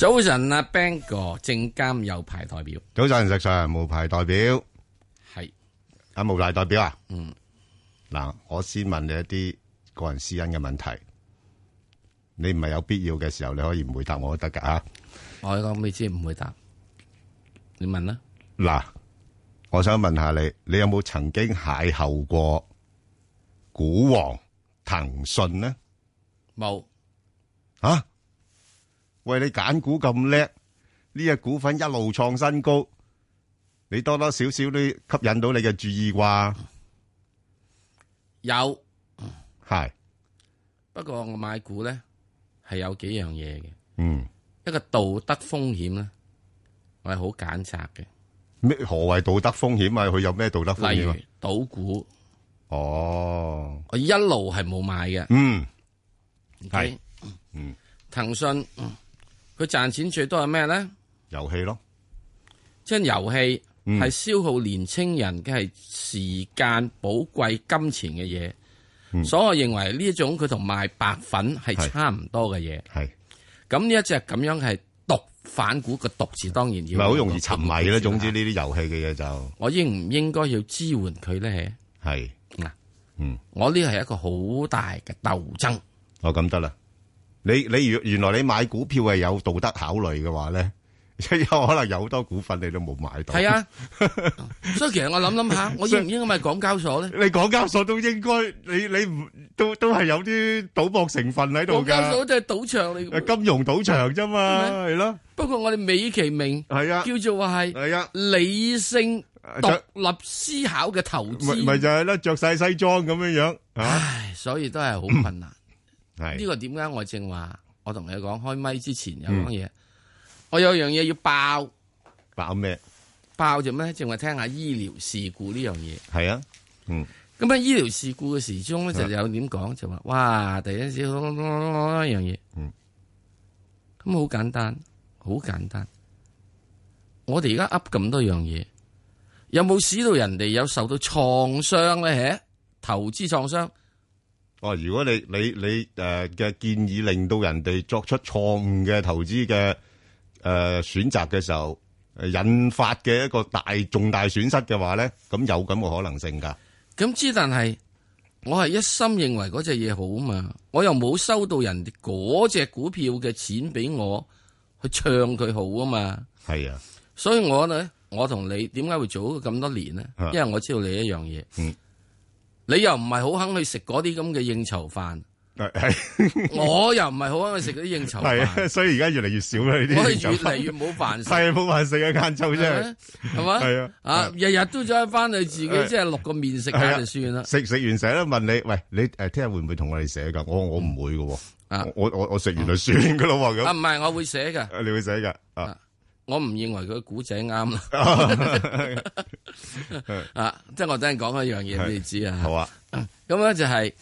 早晨啊 Bang 哥，證監有牌代表。早晨石上無牌代表，係阿無牌代表啊。嗯，嗱，我先問你一啲個人私隱嘅問題，你唔係有必要嘅時候，你可以唔回答我都得噶啊。我呢個未知唔回答，你問啦。嗱，我想問下你，你有冇曾經邂逅過股王騰訊呢？冇。啊？喂，你揀股咁叻，呢隻股份一路創新高，你多多少少都吸引到你嘅注意啩？有係，不過我買股咧係有幾樣嘢嘅。嗯，一個道德風險咧，我係好揀擇嘅。咩何謂道德風險啊？佢有咩道德風險啊？賭股哦，我一路係冇買嘅，嗯，係，嗯，騰訊，嗯。佢賺錢最多係咩咧？遊戲咯，即係遊戲係消耗年青人嘅係、嗯、時間、寶貴金錢嘅嘢、嗯。所以我認為呢一種佢同賣白粉係差唔多嘅嘢。係咁呢一隻咁樣係毒反古嘅毒字，當然要係好容易沉迷啦。總之呢啲遊戲嘅嘢就我應唔應該要支援佢咧？係嗱，嗯，我呢個係一個好大嘅鬥爭。我咁得啦。你你原原來你買股票係有道德考慮嘅話咧，有可能有好多股份你都冇買到。係啊， 所以其實我諗諗下，我應唔應該買港交所咧？你港交所都應該，你你唔都都係有啲賭博成分喺度嘅。港交所即係賭場嚟，金融賭場啫嘛，係咯、啊。不過我哋美其名係啊，叫做話係理性獨立思考嘅投資。咪、啊啊啊、就係咧，着晒西裝咁樣樣。唉，所以都係好困難。嗯呢個點解我正話？我同你講開麥之前有樣嘢、嗯，我有樣嘢要爆。爆咩？爆就咩？正話聽下醫療事故呢樣嘢。係啊，嗯。咁喺醫療事故嘅時中咧就有點講、啊，就話哇，第一時一、嗯、樣嘢。咁好簡單，好簡單。我哋而家噏咁多樣嘢，有冇使到人哋有受到創傷咧？投資創傷。哦，如果你你你誒嘅、呃、建議令到人哋作出錯誤嘅投資嘅誒選擇嘅時候，呃、引發嘅一個大重大損失嘅話咧，咁有咁嘅可能性噶？咁之，但係我係一心認為嗰隻嘢好啊嘛，我又冇收到人哋嗰隻股票嘅錢俾我去唱佢好啊嘛，係啊，所以我咧，我同你點解會做咁多年咧？因為我知道你一樣嘢。嗯你又唔係好肯去食嗰啲咁嘅應酬飯，係， 我又唔係好肯去食嗰啲應酬飯。係 啊，所以而家越嚟越少啦呢啲。我哋越嚟越冇飯食，冇飯食一間酒啫，係嘛？係啊，啊，啊，啊，日日都再翻去自己是、啊、即係落個麵食下就算啦。食食、啊、完，成日都問你，喂，你誒聽日會唔會同我哋寫噶？我我唔會噶，我的、啊、我我食完就算噶啦。咁唔係，我會寫噶。你會寫噶啊？我唔認為佢古仔啱啊！即係我等陣講一樣嘢俾你知啊。好啊，咁、啊、咧、嗯啊、就係、是、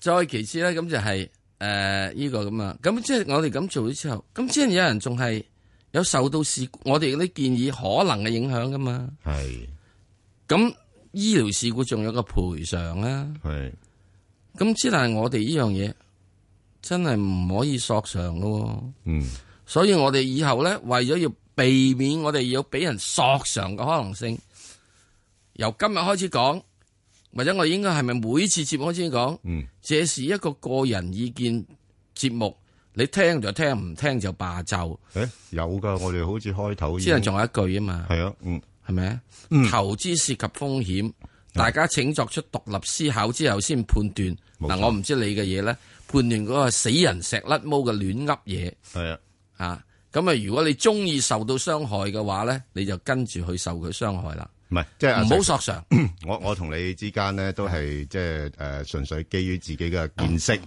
再其次咧，咁、嗯、就係誒呢個咁啊。咁、嗯、即係我哋咁做咗之後，咁即係有人仲係有受到事我哋嗰啲建議可能嘅影響噶嘛？係。咁醫療事故仲有一個賠償啦。係。咁即係我哋呢樣嘢真係唔可以索償噶。嗯。所以我哋以後咧為咗要。避免我哋要俾人索償嘅可能性。由今日開始講，或者我哋應該係咪每次節目開始講？嗯，這是一個個人意見節目，你聽就聽，唔聽就罷就。誒、欸，有㗎，我哋好似開頭只能仲有一句啊嘛。係咯、啊，嗯，係咪、嗯？投資涉及風險，大家請作出獨立思考之後先判斷。嗱、啊，我唔知你嘅嘢咧，判斷嗰個死人石甩毛嘅亂噏嘢。係啊，啊。咁啊！如果你中意受到傷害嘅話咧，你就跟住去受佢傷害啦。唔係，即係唔好索償。啊、我我同你之間咧都係即係誒，純粹基於自己嘅見識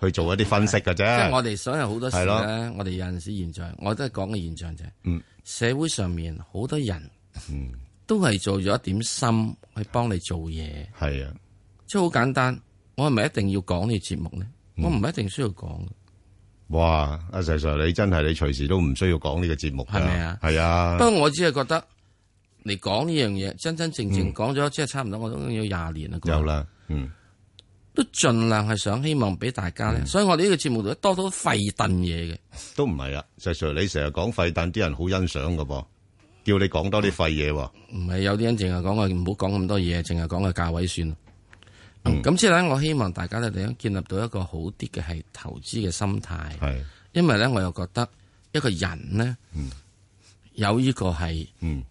去做一啲分析嘅啫。即係我哋所有好多時咧，的我哋有陣時現象，我都係講嘅現象啫，就係。嗯，社會上面好多人，嗯，都係做咗一點心去幫你做嘢。係啊的，即係好簡單。我係咪一定要講呢個節目咧？嗯、我唔係一定需要講。哇！阿細 Sir，你真係你隨時都唔需要講呢個節目，係咪啊？係啊。不過我只係覺得你講呢樣嘢，真真正正講咗，即、嗯、係差唔多，我都要廿年啦。有啦，嗯，都盡量係想希望俾大家咧、嗯。所以我哋呢個節目度咧多廢燉嘢嘅。都唔係啊細 Sir，你成日講廢燉，啲人好欣賞噶噃，叫你講多啲廢嘢。唔、啊、係，有啲人淨係講話，唔好講咁多嘢，淨係講個價位算。咁即係咧，我希望大家咧，你一建立到一個好啲嘅，係投資嘅心態。係，因為咧，我又覺得一個人咧、嗯，有呢個係呢、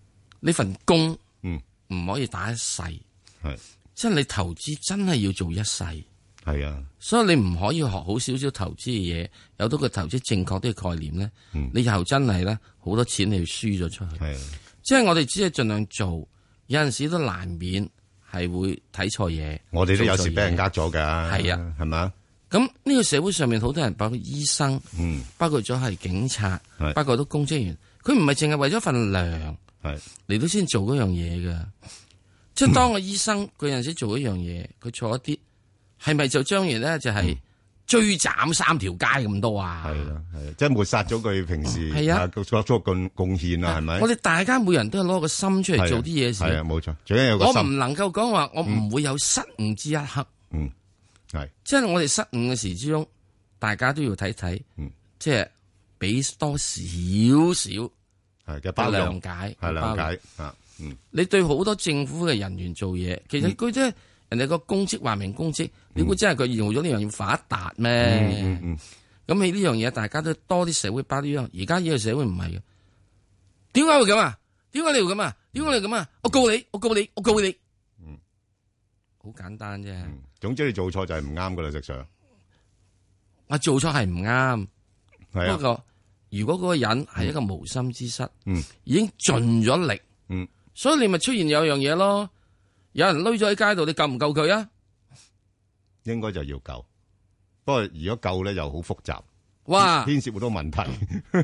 嗯、份工，唔可以打一世。係，即係你投資真係要做一世。係啊，所以你唔可以學好少少投資嘅嘢，有到個投資正確啲嘅概念咧、嗯。你以後真係咧，好多錢你要輸咗出去。即係我哋只係盡量做，有陣時都難免。係會睇錯嘢，我哋都有時俾人呃咗噶，係啊，係嘛？咁呢個社會上面好多人包括醫生，嗯，包括咗係警察，係，包括到公職員，佢唔係淨係為咗份糧，係嚟到先做嗰樣嘢噶。即係當個醫生，佢 有陣時做嗰樣嘢，佢錯一啲，係咪就將嘢咧就係？嗯追斬三條街咁多啊，啊！係啦、啊，係、啊、即係抹殺咗佢平時啊，作貢貢獻啦，係咪、啊？我哋大家每人都攞個心出嚟做啲嘢事，係啊，冇錯、啊。最緊要有個心。我唔能夠講話，我唔會有失誤之一刻。嗯，係、啊啊。即係我哋失誤嘅時之中，大家都要睇睇。即係俾多少少係嘅包諒解，係諒解啊。嗯，你對好多政府嘅人員做嘢，其實佢即係。嗯人哋個公職話明公職，你估真係佢用咗呢樣要發達咩？咁你呢樣嘢，大家都多啲社會包容。而家呢個社會唔係嘅，點解會咁啊？點解你又咁啊？點解你咁啊、嗯？我告你，我告你，我告你。好、嗯、簡單啫、嗯。總之你做錯就係唔啱噶啦，直上。我做錯係唔啱，不過如果嗰個人係一個無心之失，嗯、已經盡咗力、嗯，所以你咪出現有樣嘢咯。有人攞咗喺街度，你救唔救佢啊？應該就要救，不過如果救咧又好複雜，牽涉好多問題。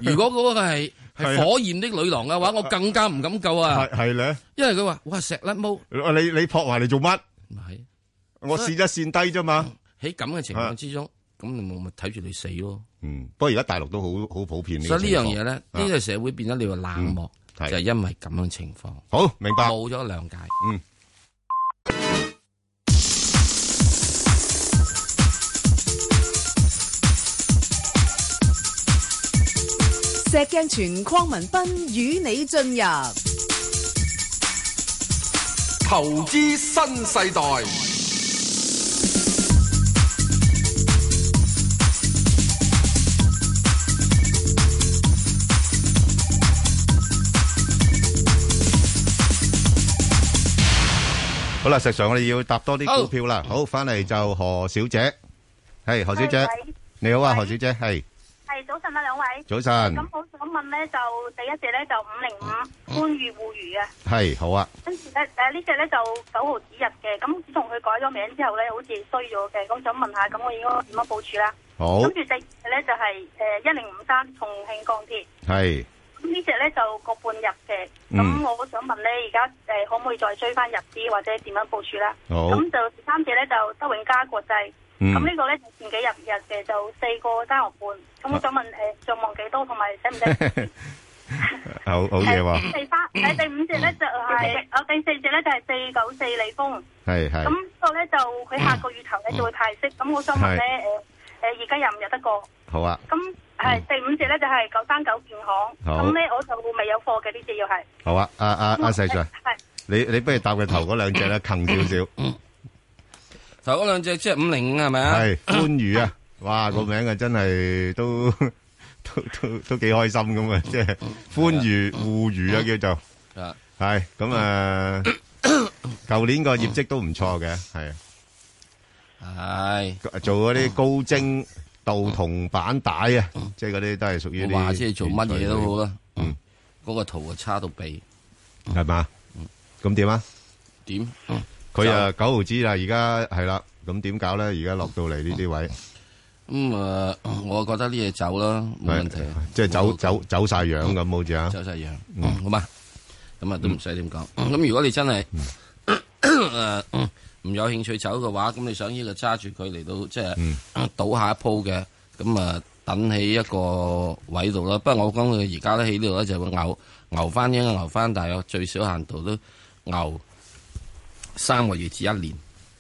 如果嗰個係係火焰的女郎嘅話，我更加唔敢救啊！係係咧，因為佢話哇石甩毛，你你撲埋嚟做乜？唔係，我閃一閃低啫嘛。喺咁嘅情況之中，咁你冇咪睇住你死咯？嗯，不過而家大陸都好好普遍呢。所以呢樣嘢咧，呢個社會變得你話冷漠，就係因為咁樣情況。好明白，冇咗諒解。嗯。石鏡泉鄺文斌與你進入投資新世代。好啦，實際上我哋要多搭多啲股票啦。Oh. 好，翻嚟就何小姐，係、hey, 何小姐，hey, 你好啊，hey. 何小姐，係、hey. 係、hey, 早晨啊，兩位早晨。咁我想問咧，就第一隻咧就五零五寬裕互娛嘅，係、hey, 好啊。跟住咧誒呢隻咧就九號指日嘅，咁自從佢改咗名之後咧，好似衰咗嘅。咁想問下，咁我應該點樣部署啦？好。跟住第二隻咧就係誒一零五三重慶鋼鐵，係、hey.。隻呢隻咧就個半日嘅，咁我想問咧，而家誒可唔可以再追翻入資或者點樣部署啦？咁就第三隻咧就德永加國際，咁、嗯、呢個咧前幾日日嘅就四個三毫半，咁我想問誒上望幾多，同埋使唔使？好，好嘢話。第第五隻咧就係、是，我、嗯、第四隻咧就係四九四利豐係係。咁、嗯、呢個咧就佢下個月頭咧就會派息，咁、嗯嗯、我想問咧，誒誒而家入唔入得過？好啊，咁係第五隻咧就係九三九建行，咁咧我就未有貨嘅呢隻要係。好啊，阿阿阿細 Sir，係你你不如搭嘅頭嗰兩隻啦，近少少。頭嗰兩隻即係五零五係咪啊？係歡愉啊，哇個名啊真係都都都都幾開心咁啊！即係歡愉互愉啊叫做，係咁啊，舊年個業績都唔錯嘅係，係做嗰啲高精。舊銅板帶、嗯嗯嗯那個嗯嗯、啊，即係嗰啲都係屬於。話即係做乜嘢都好啦。嗰個圖啊差到痹，係、嗯、嘛？咁點啊？點？佢啊九毫紙啦，而家係啦。咁點搞咧？而家落到嚟呢啲位。咁啊，我覺得呢嘢走啦，冇問題。即係、就是、走走走晒樣咁，好、嗯、似啊。走晒樣、嗯，好嘛？咁、嗯、啊都唔使點講。咁、嗯、如果你真係，嗯呃嗯唔有興趣走嘅話，咁你想呢個揸住佢嚟到即係倒下一鋪嘅，咁啊等起一個位度啦。不過我講佢而家都喺呢度，就會牛牛翻應該牛翻，但係我最少限度都牛三個月至一年。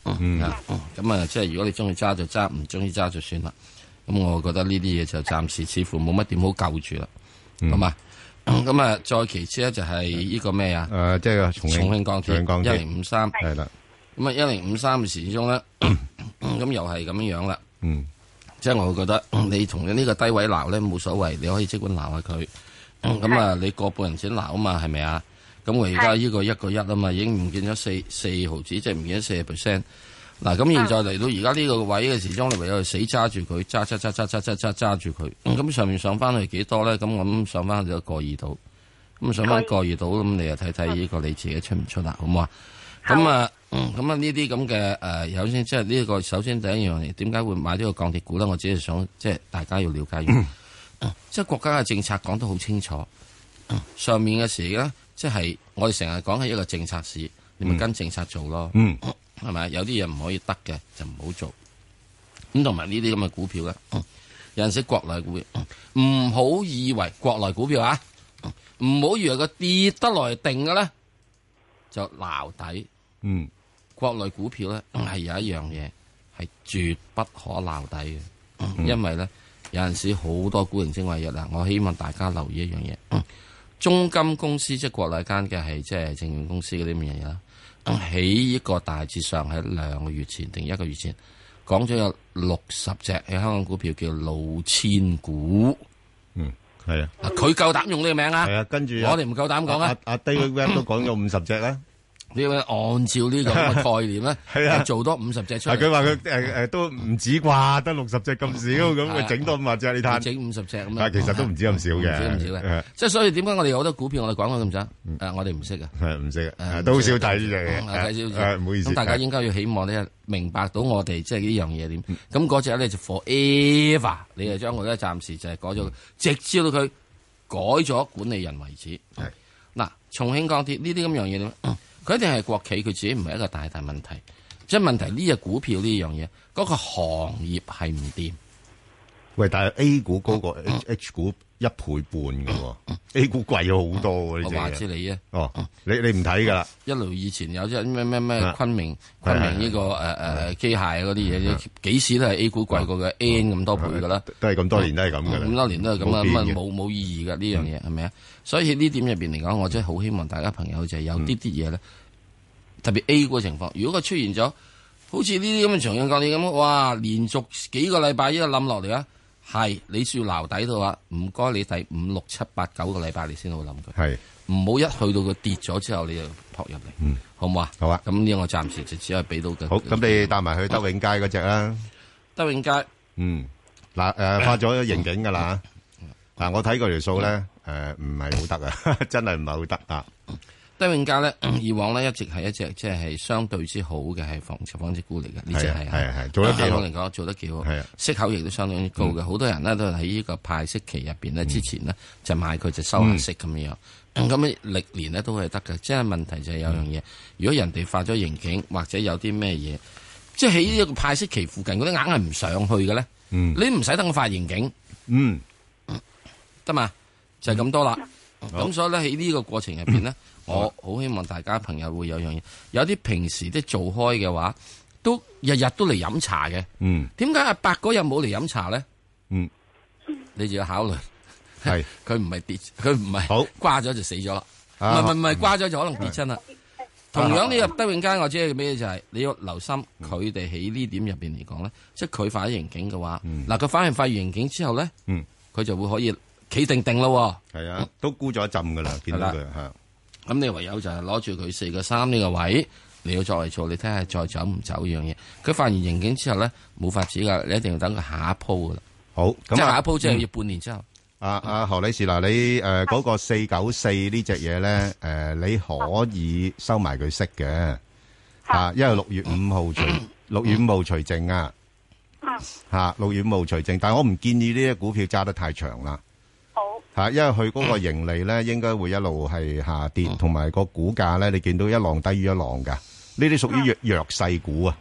嗯，咁、嗯、啊，即係如果你中意揸就揸，唔中意揸就算啦。咁我覺得呢啲嘢就暫時似乎冇乜點好救住啦。咁、嗯、啊，咁啊，再其次咧就係呢個咩啊？誒、就是，即係重慶鋼鐵一零五三係啦。重咁啊，一零五三嘅時鐘咧，咁 又係咁樣樣啦。嗯，即係我會覺得 你同咗呢個低位鬧咧冇所謂，你可以即管鬧下佢。咁、嗯嗯嗯、啊，你個半人錢鬧啊嘛，係咪啊？咁我而家呢個一個一啊嘛，已經唔見咗四四毫子，即係唔見咗四啊 percent。嗱，咁現在嚟到而家呢個位嘅時鐘，你唯有死揸住佢，揸揸揸揸揸揸揸揸住佢。咁、嗯、上面上翻去幾多咧？咁我咁上翻去就個二度。咁上翻個二度，咁你又睇睇呢個你自己出唔出啦？好唔好啊？咁、嗯、啊，咁、嗯、啊，呢啲咁嘅誒，首先即係呢個首先第一樣嘢，點解會買呢個鋼鐵股咧？我只係想即係大家要了解即係、嗯嗯就是、國家嘅政策講得好清楚，嗯、上面嘅事咧，即、就、係、是、我哋成日講係一個政策市，你咪跟政策做咯，係、嗯、咪、嗯、有啲嘢唔可以得嘅，就唔好做。咁同埋呢啲咁嘅股票咧、嗯，有陣時國內股票，唔、嗯、好以為國內股票啊，唔、嗯、好以為個跌得來定嘅咧，就撈底。嗯，國內股票咧係有一樣嘢係絕不可留底嘅、嗯，因為咧有陣時好多股型先位日啦。我希望大家留意一樣嘢、嗯，中金公司即係國內間嘅係即係證券公司嗰啲咁嘅嘢啦，喺、嗯、一個大致上喺兩個月前定一個月前講咗有六十隻喺香港股票叫老千股。嗯，係啊，佢夠膽用呢個名啊？係啊,啊，跟住我哋唔夠膽講啊。阿、啊啊啊、David 都講咗五十隻啦。嗯嗯你要按照呢個概念咧，係 啊，做多五十隻出。佢話佢誒都唔止啩，得六十隻咁少咁，咪、嗯、整、嗯、多五十隻你睇。整五十隻咁，但係其實都唔止咁少嘅。唔、嗯嗯、少嘅，即係、嗯、所以點解我哋有好多股票我哋講咗咁多，我哋唔識嘅係唔識都少睇呢嘅。唔、啊啊啊啊啊啊、好意思、啊。大家應該要希望咧、啊啊，明白到我哋即係、嗯、呢樣嘢點。咁嗰隻咧就 forever，你係將我哋暫時就係改咗，直至到佢改咗管理人為止。嗱、啊，重慶鋼鐵呢啲咁樣嘢點？一定係國企，佢自己唔係一個大大問題。即係問題呢隻股票呢樣嘢，嗰、那個行業係唔掂。喂，但係 A 股嗰個 H,、嗯、H 股一倍半嘅喎、嗯、，A 股貴咗好多嘅、嗯、我話知你啊、嗯！哦，你你唔睇噶啦。一路以前有隻咩咩咩昆明、啊、昆明呢、這個誒誒、啊啊、機械嗰啲嘢，幾、啊、時都係 A 股貴過嘅、嗯、N 咁多倍嘅啦、嗯。都係咁多年都係咁嘅啦。咁、嗯、多年都係咁啊！冇冇意義嘅呢、嗯、樣嘢係咪啊？所以呢點入邊嚟講，我真係好希望大家朋友就係有啲啲嘢咧。嗯特別 A 股嘅情況，如果佢出現咗好似呢啲咁嘅長陰價，你咁哇，連續幾個禮拜一個冧落嚟啊，係你需要撈底嘅話，唔該，5, 6, 7, 8, 你第五、六、七、八、九個禮拜你先好諗佢。係唔好一去到佢跌咗之後，你就撲入嚟。嗯，好唔好啊？好啊。咁呢個暫時就只係俾到佢。好，咁你帶埋去德永街嗰隻啦，德永街。嗯嗱，誒、呃、發咗刑警噶啦。嗱、呃，但我睇嗰條數咧，誒唔係好得,的 的不很得的啊，真係唔係好得啊。德永家咧，以往咧一直係一隻即係相對之好嘅係房置房置股嚟嘅，呢隻係啊，做得幾、啊、好嚟講，做得幾好，息口亦都相當之高嘅。好、嗯、多人咧都喺呢個派息期入邊咧，之前呢，就買佢就收下息咁、嗯、樣。咁啊歷年咧都係得嘅，即係問題就係有樣嘢、嗯，如果人哋發咗盈警或者有啲咩嘢，即係喺呢個派息期附近嗰啲硬係唔上去嘅咧、嗯，你唔使等我發盈警，嗯，得嘛？就係、是、咁多啦。咁、嗯、所以咧喺呢個過程入邊咧。嗯我好希望大家朋友會有樣嘢，有啲平時啲做開嘅話，都日日都嚟飲茶嘅。嗯，點解阿伯嗰日冇嚟飲茶咧？嗯，你就要考慮，係佢唔係跌，佢唔係好掛咗就死咗啦。唔唔係掛咗就可能跌親啦、啊啊。同樣你入、嗯、德永街、就是，我知係咩嘢就係你要留心，佢哋喺呢點入邊嚟講咧，即係佢發咗盈警嘅話，嗱，佢反而發完盈警之後咧，嗯，佢、嗯嗯、就會可以企定定咯。係啊，都沽咗一浸噶啦，見到佢咁你唯有就係攞住佢四個三呢個位，你要再嚟做，你睇下再走唔走呢樣嘢。佢發完刑警之後咧，冇法子噶，你一定要等佢下一鋪噶啦。好，咁下一下鋪就要半年之後。阿、嗯、啊，啊何女士嗱，你誒嗰、呃那個四九四呢隻嘢咧，誒、呃、你可以收埋佢息嘅，吓、啊，因為六月五號、嗯、號除六、啊啊、月五號除證啊，吓六月五號除證，但我唔建議呢啲股票揸得太長啦。因為佢嗰個盈利咧，應該會一路係下跌，同、嗯、埋個股價咧，你見到一浪低於一浪噶。呢啲屬於弱、嗯、弱勢股啊，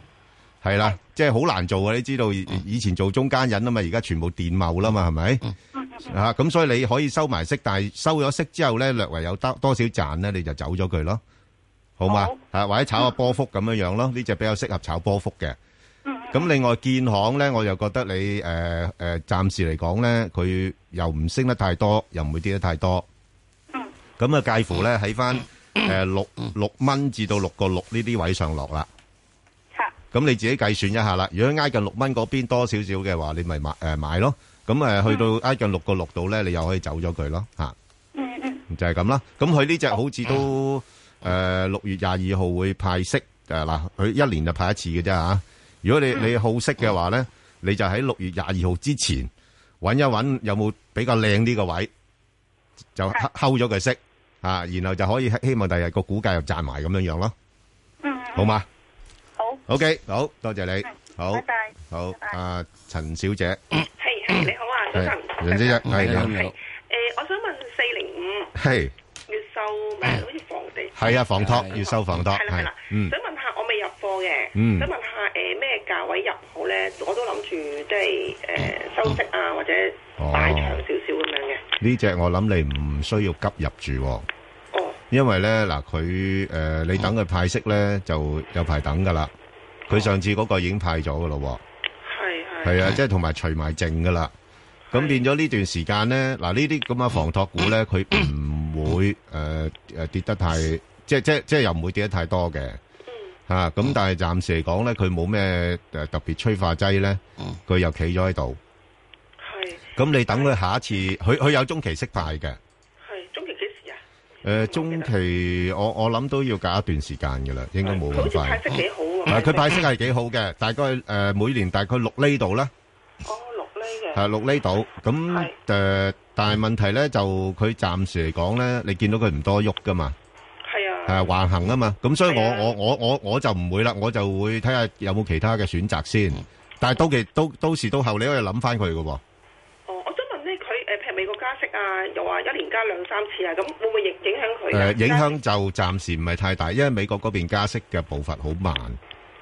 係啦，即係好難做啊。你知道以前做中間人啦嘛，而家全部電貿啦嘛，係咪？咁所以你可以收埋息，但係收咗息之後咧，略為有得多，多少賺咧，你就走咗佢咯，好嘛、哦啊？或者炒個波幅咁樣樣咯，呢、嗯、隻比較適合炒波幅嘅。咁另外建行咧，我又覺得你誒誒，暫、呃呃、時嚟講咧，佢又唔升得太多，又唔會跌得太多。咁、嗯、啊，就介乎咧喺返誒六六蚊至到六個六呢啲位上落啦。吓、嗯。咁你自己計算一下啦。如果挨近六蚊嗰邊多少少嘅話，你咪買誒、呃、買咯。咁誒，去到挨近六個六度咧，你又可以走咗佢咯。吓、啊。嗯嗯。就係咁啦。咁佢呢隻好似都誒六、呃、月廿二號會派息誒嗱，佢、呃、一年就派一次嘅啫吓。如果你你好識嘅話咧，你就喺六月廿二號之前揾一揾有冇比較靚啲個位，就溝咗佢息啊，然後就可以希望第日個股價又賺埋咁樣樣咯。嗯，好嘛？好。O K，好多謝你。好。拜拜。好，阿陳小姐。係，你好啊，早晨。陳小姐，係你好。誒，我想問四零五。係。越秀，誒，好似房地產。係啊，房託。越秀房託。係啦係啦。嗯。想問下，我未入貨嘅。嗯。想問下，誒咩？價位入好咧，我都諗住即係誒收息啊，或者大長少少咁樣嘅。呢、哦、隻我諗你唔需要急入住，啊，哦，因為咧嗱佢誒你等佢派息咧就有排等噶啦。佢、哦、上次嗰個已經派咗噶咯，係係係啊，即係同埋除埋淨噶啦。咁、啊、變咗呢段時間咧，嗱呢啲咁嘅房託股咧，佢唔會誒誒、呃、跌得太，即即即又唔會跌得太多嘅。啊，咁但係暫時嚟講咧，佢冇咩誒特別催化劑咧，佢又企咗喺度。係。咁你等佢下一次，佢佢有中期息派嘅。係中期幾時啊？誒中期，我我諗都要隔一段時間嘅啦，應該冇咁快。佢派息幾好啊？係佢派息係幾好嘅，大概誒每年大概六厘度啦。哦，六厘嘅。係六厘度，咁誒，但係問題咧就佢暫時嚟講咧，你見到佢唔多喐噶嘛？係橫行啊嘛，咁所以我我我我我就唔會啦，我就會睇下有冇其他嘅選擇先。但係到期到到時到後，你可以諗翻佢嘅。哦，我想問咧，佢誒，譬如美國加息啊，又話一年加兩三次啊，咁會唔會影影響佢？誒，影響就暫時唔係太大，因為美國嗰邊加息嘅步伐好慢。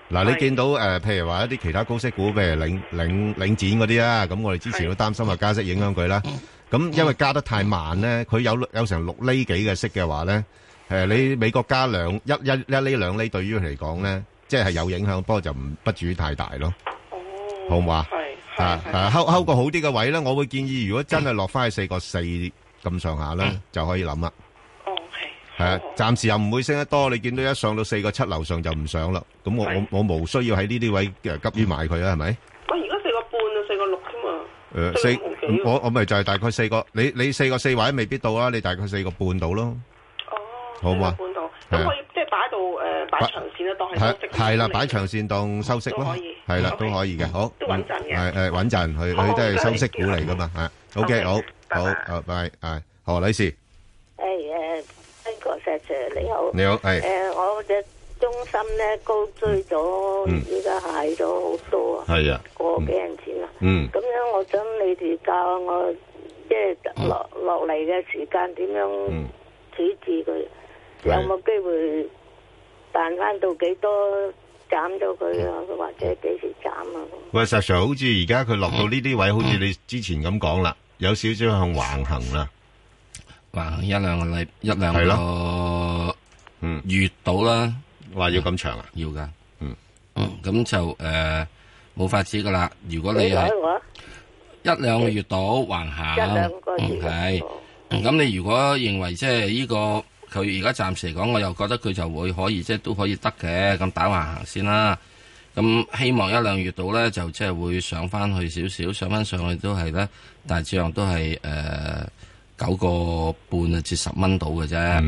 嗱，你見到誒，譬如話一啲其他高息股，譬如領領領展嗰啲啊，咁我哋之前都擔心話加息影響佢啦。咁因為加得太慢咧，佢有有成六厘幾嘅息嘅話咧。誒，你美國加兩一一一厘兩厘，對於佢嚟講咧，即係有影響，不過就唔不至於太大咯。哦，好唔好啊？係吓，誒，摳摳個好啲嘅位咧，我會建議，如果真係落翻去四個四咁上下啦，就可以諗啦。哦，係係啊，暫時又唔會升得多。你見到一上到四個七樓上就唔上啦。咁我我我冇需要喺呢啲位誒急於買佢啊？係咪？我而家四個半啊，四個六啫嘛。誒，四我我咪就係大概四個。你你四個四位都未必到啊，你大概四個半到咯。好嘛，咁可以即係擺到誒擺長線啊，當係收息。係啦，擺長線當收息咯，係啦，都可以嘅，好，都穩陣嘅，誒誒穩陣佢，佢都係收息股嚟噶嘛，嚇。OK，好，好，好，拜，誒，何女士，誒誒，張小姐你好，你好，誒，我隻中心咧高追咗，依家係咗好多啊，係啊，過幾銀錢啦，嗯，咁樣我想你哋教我，即係落落嚟嘅時間點樣處置佢？有冇機會彈翻到幾多斬咗佢啊？或者幾時斬啊？喂實 i r 好似而家佢落到呢啲位，嗯、好似你之前咁講啦，有少少向橫行啦，橫行一兩個禮，一兩個月，嗯月度啦，話要咁長啊？要噶，嗯、咁、嗯、就誒冇、呃、法子噶啦。如果你係一兩個月到橫行，一兩個月係咁，嗯嗯、你如果認為即係呢個。佢而家暫時嚟講，我又覺得佢就會可以，即係都可以得嘅。咁打橫行先啦。咁希望一兩月到咧，就即係會上翻去少少，上翻上去都係咧。大致上都係誒九個半啊至十蚊到嘅啫。咁、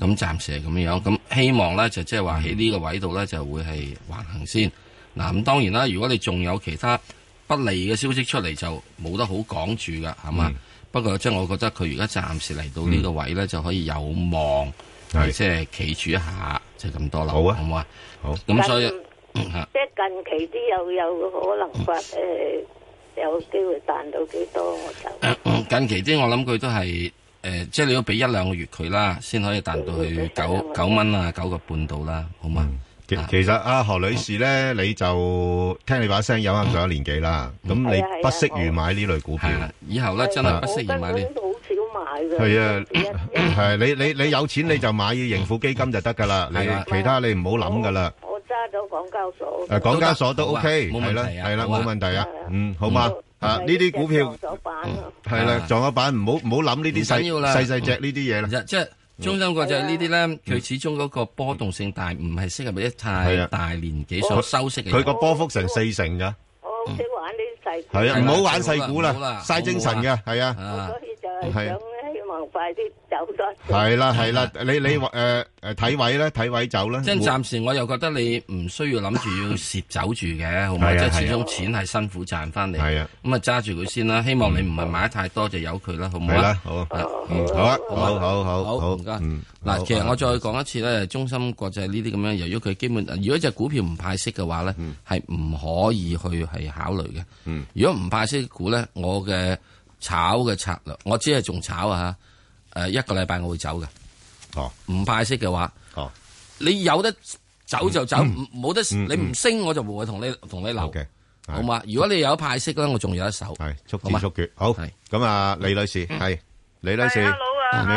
嗯、暫時係咁樣。咁希望咧就即係話喺呢個位度咧就會係橫行先。嗱，咁當然啦，如果你仲有其他不利嘅消息出嚟，就冇得好講住噶，係嘛？嗯不過即係我覺得佢而家暫時嚟到呢個位咧，嗯，就可以有望，即係企住一下，就咁、是、多樓，好唔好啊？好。咁所以，嗯、即係近期啲又有可能發誒、嗯呃，有機會彈到幾多我、嗯？我就近期啲我諗佢都係誒、呃，即係你要俾一兩個月佢啦，先可以彈到去九九蚊啊，九個半度啦，好嘛？嗯其實阿何女士咧，你就聽你把聲，有啱上一年紀啦。咁你不適宜買呢類股票，以後咧真係不適宜買。好，我響度好少買嘅。係啊，係你你你有錢你就買盈富基金就得噶啦，你其他你唔好諗噶啦。我揸咗港交所，港交所都 OK，冇咪啦，係啦，冇問題啊，嗯，好嘛，啊呢啲股票係啦，撞咗板，唔好唔好諗呢啲細細細隻呢啲嘢啦。中心國就係呢啲咧，佢、啊、始終嗰個波動性大，唔係適合一太大年紀所收息嘅人。佢個波幅成四成㗎，唔、啊、好玩細股啦，嘥、啊、精神嘅，係啊。快啲走咗！係啦，係啦，你你誒誒睇位咧，睇位走啦。即係暫時我又覺得你唔需要諗住要蝕走住嘅、啊，好唔好？即係、啊啊、始終錢係辛苦賺翻嚟。係啊，咁啊揸住佢先啦。希望你唔係買得太多就由佢啦，好唔好啦，好、啊、好啊，好啊好、啊、好、啊、好、啊、好唔、啊、該。嗱、啊啊嗯啊，其實我再講一次咧，中心國際呢啲咁樣，由於佢基本如果隻股票唔派息嘅話咧，係、嗯、唔可以去係考慮嘅。如果唔派息股咧，我嘅炒嘅策略，我只係仲炒啊。誒，一個禮拜我會走嘅，哦，唔派息嘅話，哦，你有得走就走，冇得你唔升我就唔會同你同你留嘅，好嘛？如果你有派息咧，我仲有一手，係，速戰速決，好，咁啊，李女士，係，李女士，你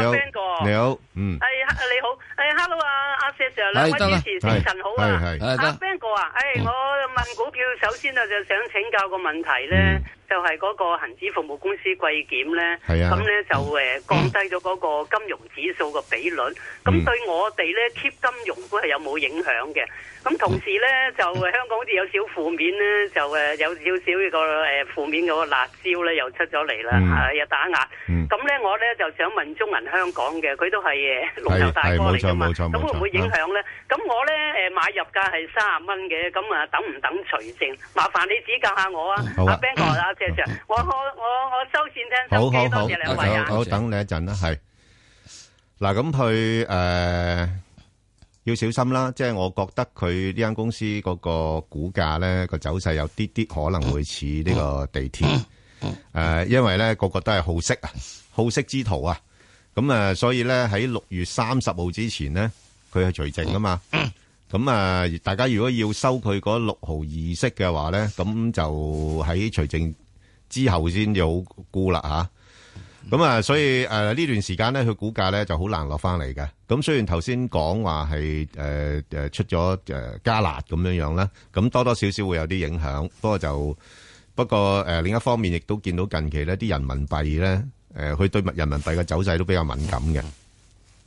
好，你好，嗯，係，你好，誒，hello 啊，阿 Sir，呢，兩位主持晨好啊，係，阿 Ben 哥啊，誒，我問股票，首先啊就想請教個問題咧。就係、是、嗰個恆指服務公司季檢咧，咁咧、啊、就、呃、降低咗嗰個金融指數個比率，咁、嗯、對我哋咧 keep 金融都係有冇影響嘅？咁、嗯、同時咧就香港好似有少負面咧，就有少少呢個負面嗰個辣椒咧又出咗嚟啦，又打壓。咁、嗯、咧我咧就想問中銀香港嘅，佢都係龍頭大哥嚟嘅嘛？咁會唔會影響咧？咁、啊、我咧買入價係卅蚊嘅，咁啊等唔等隨性？麻煩你指教下我啊，阿、啊、Ben 哥啊。 謝謝，我我我我收線聽收聽，多謝兩位啊。好，等你一陣啦，係。嗱，咁佢誒要小心啦，即係我覺得佢呢間公司嗰個股價咧個走勢有啲啲可能會似呢個地鐵，誒，因為咧個個都係好色啊，好色之徒啊，咁啊，所以咧喺六月三十號之前咧，佢係除淨噶嘛，咁啊，大家如果要收佢嗰六毫二息嘅話咧，咁就喺除淨。之後先至好估啦嚇，咁啊，所以呃、呢段時間咧，佢股價咧就好難落翻嚟嘅。咁雖然頭先講話係、呃、出咗、呃、加辣咁樣樣啦，咁多多少少會有啲影響。不過就不過、呃、另一方面，亦都見到近期呢啲人民幣咧，佢對人民幣嘅走勢都比較敏感嘅、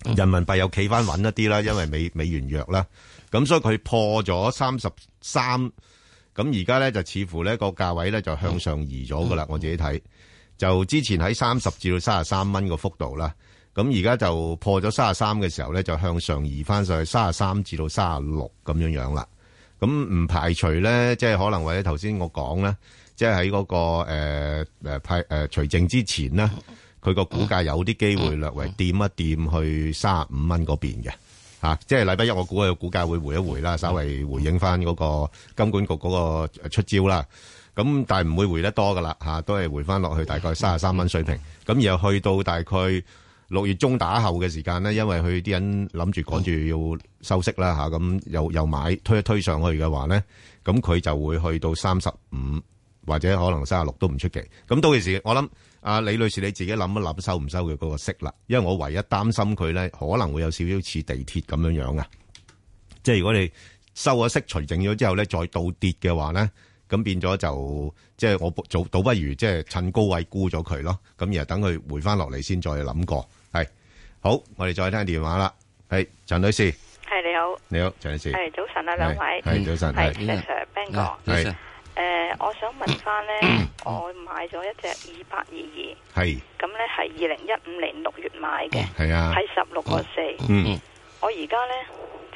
嗯。人民幣又企翻穩一啲啦，因為美美元弱啦，咁所以佢破咗三十三。咁而家咧就似乎咧個價位咧就向上移咗噶啦，我自己睇就之前喺三十至到三十三蚊個幅度啦。咁而家就破咗三十三嘅時候咧，就向上移翻上去三十三至到三十六咁樣樣啦。咁唔排除咧，即係可能或者頭先我講咧，即係喺嗰個誒派、呃呃、除淨之前咧，佢個股價有啲機會略為掂一掂去三十五蚊嗰邊嘅。啊，即係禮拜一我估計估計會回一回啦，稍微回應翻嗰個金管局嗰個出招啦。咁但係唔會回得多噶啦，吓，都係回翻落去大概三十三蚊水平。咁然後去到大概六月中打後嘅時間咧，因為佢啲人諗住趕住要收息啦吓，咁又又買推一推上去嘅話咧，咁佢就會去到三十五或者可能三十六都唔出奇。咁到時我諗。阿李女士，你自己諗一諗收唔收佢嗰個息啦？因為我唯一擔心佢咧，可能會有少少似地鐵咁樣樣啊！即係如果你收咗息除淨咗之後咧，再倒跌嘅話咧，咁變咗就即係我早倒不如即係趁高位沽咗佢咯，咁然後等佢回翻落嚟先再諗過。係好，我哋再聽電話啦。係，陳女士，係你好，你好陳女士，係早晨啊兩位，係早晨，係 Sir Ben 哥，誒、呃，我想問翻咧，我買咗一隻二八二二，係咁咧，係二零一五年六月買嘅，係啊，係十六個四。嗯，我而家咧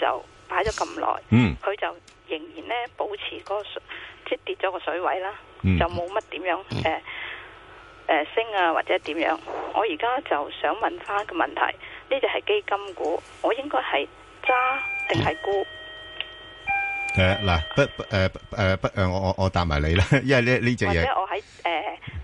就擺咗咁耐，嗯，佢就仍然咧保持嗰個水，即係跌咗個水位啦，嗯，就冇乜點樣誒誒、嗯呃呃，升啊或者點樣。我而家就想問翻個問題，呢隻係基金股，我應該係揸定係沽？嗯誒、啊，嗱、嗯、不誒誒不誒，我我我答埋你啦，因為呢呢隻嘢或者我喺誒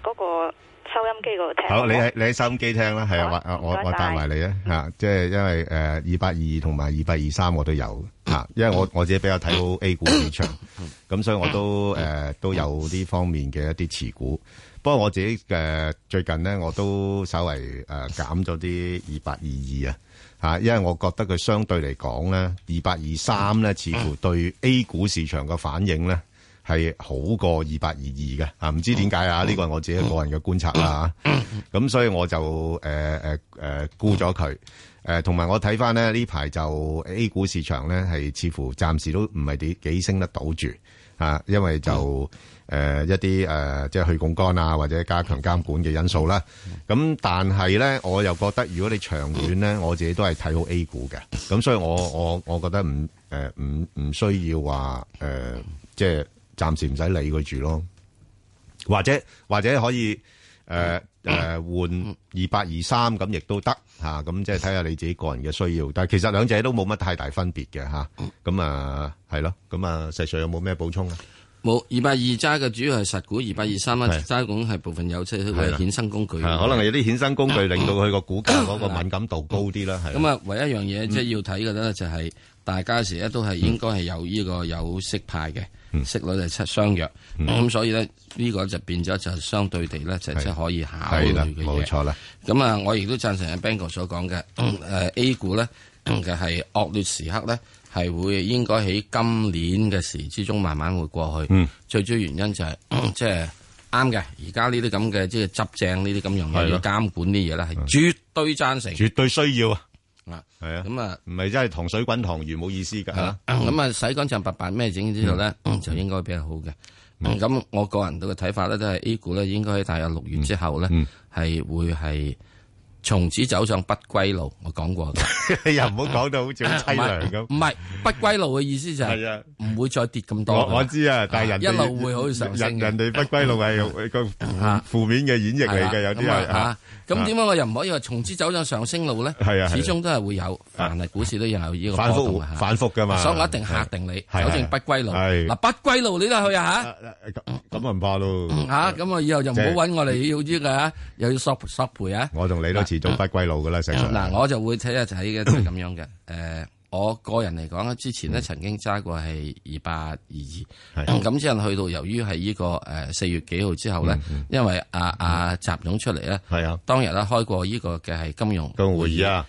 嗰個收音機嗰度聽。好，你喺你喺收音機聽啦，係啊，我、嗯、我，我答埋你啊，吓，即係因為誒二百二同埋二百二三我都有吓，為 positive forest whilst noises 因為我我自己比較睇好 A 股市場，咁 telescope caves 所以我都誒、uh, 都有呢方面嘅一啲持股。不過我自己嘅、呃、最近咧，我都稍微誒、呃、減咗啲二百二二啊。啊，因為我覺得佢相對嚟講咧，二八二三咧，似乎對 A 股市場嘅反應咧係好過二八二二嘅，啊，唔知點解啊。呢個係我自己個人嘅觀察啦，咁所以我就誒誒誒沽咗佢，誒同埋我睇翻咧呢排就 A 股市場咧係似乎暫時都唔係幾幾升得到住啊，因為就。誒、呃，一啲誒、呃，即係去槓桿啊，或者加強監管嘅因素啦。咁但係咧，我又覺得如果你長遠咧，我自己都係睇好 A 股嘅。咁所以我我我覺得唔誒唔唔需要話誒、呃，即係暫時唔使理佢住咯。或者或者可以誒誒換二八二三咁亦都得吓，咁、呃啊、即係睇下你自己個人嘅需要。但係其實兩者都冇乜太大分別嘅吓。咁啊係、啊、咯，咁啊世帥有冇咩補充啊？冇二百二揸嘅主要係實股，二百二三蚊揸股係部分有，即係衍生工具。係可能係有啲衍生工具令到佢個股價嗰個敏感度高啲啦。係咁啊，唯一一樣嘢即係要睇嘅，咧，就係大家時咧都係應該係有呢個有息派嘅息率係七相若，咁、嗯嗯、所以咧呢個就變咗就相對地咧就即係可以考慮嘅嘢。冇錯啦。咁啊，我亦都贊成阿 Ben 哥所講嘅，誒、嗯呃、A 股咧就係惡劣時刻咧。係會應該喺今年嘅時之中慢慢會過去。嗯、最主要原因就係即係啱嘅。而家呢啲咁嘅即係執正呢啲咁樣嘢，要監、就是就是、管啲嘢咧，係絕對贊成，嗯、絕對需要啊。係啊，咁啊，唔、嗯、係真係糖水滾糖魚冇意思噶。咁啊、嗯嗯嗯，洗乾淨白白咩整之後咧、嗯， 就應該比較好嘅。咁、嗯嗯、我個人嘅睇法咧，都係 A 股咧，應該喺大約六月之後咧，係、嗯嗯、會係。從此走上不歸路，我講過嘅，又唔好講到好似好淒涼咁。唔係不歸路嘅意思就係唔會再跌咁多。我知啊，但係一路會可以上升嘅。人哋不歸路係個負面嘅演繹嚟嘅，有啲吓。咁點解我又唔可以話從此走上上升路咧？係啊，始終都係會有，但係股市都有依個反覆，反覆噶嘛。所以我一定嚇定你，走上不歸路。係嗱，不歸路你都去啊吓？咁咪唔怕咯吓？咁我以後就唔好揾我哋要呢個，又要索索賠啊？我同你都似。早不歸路噶啦，成日嗱，我就會睇一睇嘅，就係咁樣嘅。誒、 呃，我個人嚟講咧，之前咧曾經揸過係二百二二，咁、 嗯嗯、之後去到，由於係呢個誒四月幾號之後咧，因為阿阿習總出嚟咧，當日咧開過呢個嘅係金融會議，金融會議啊。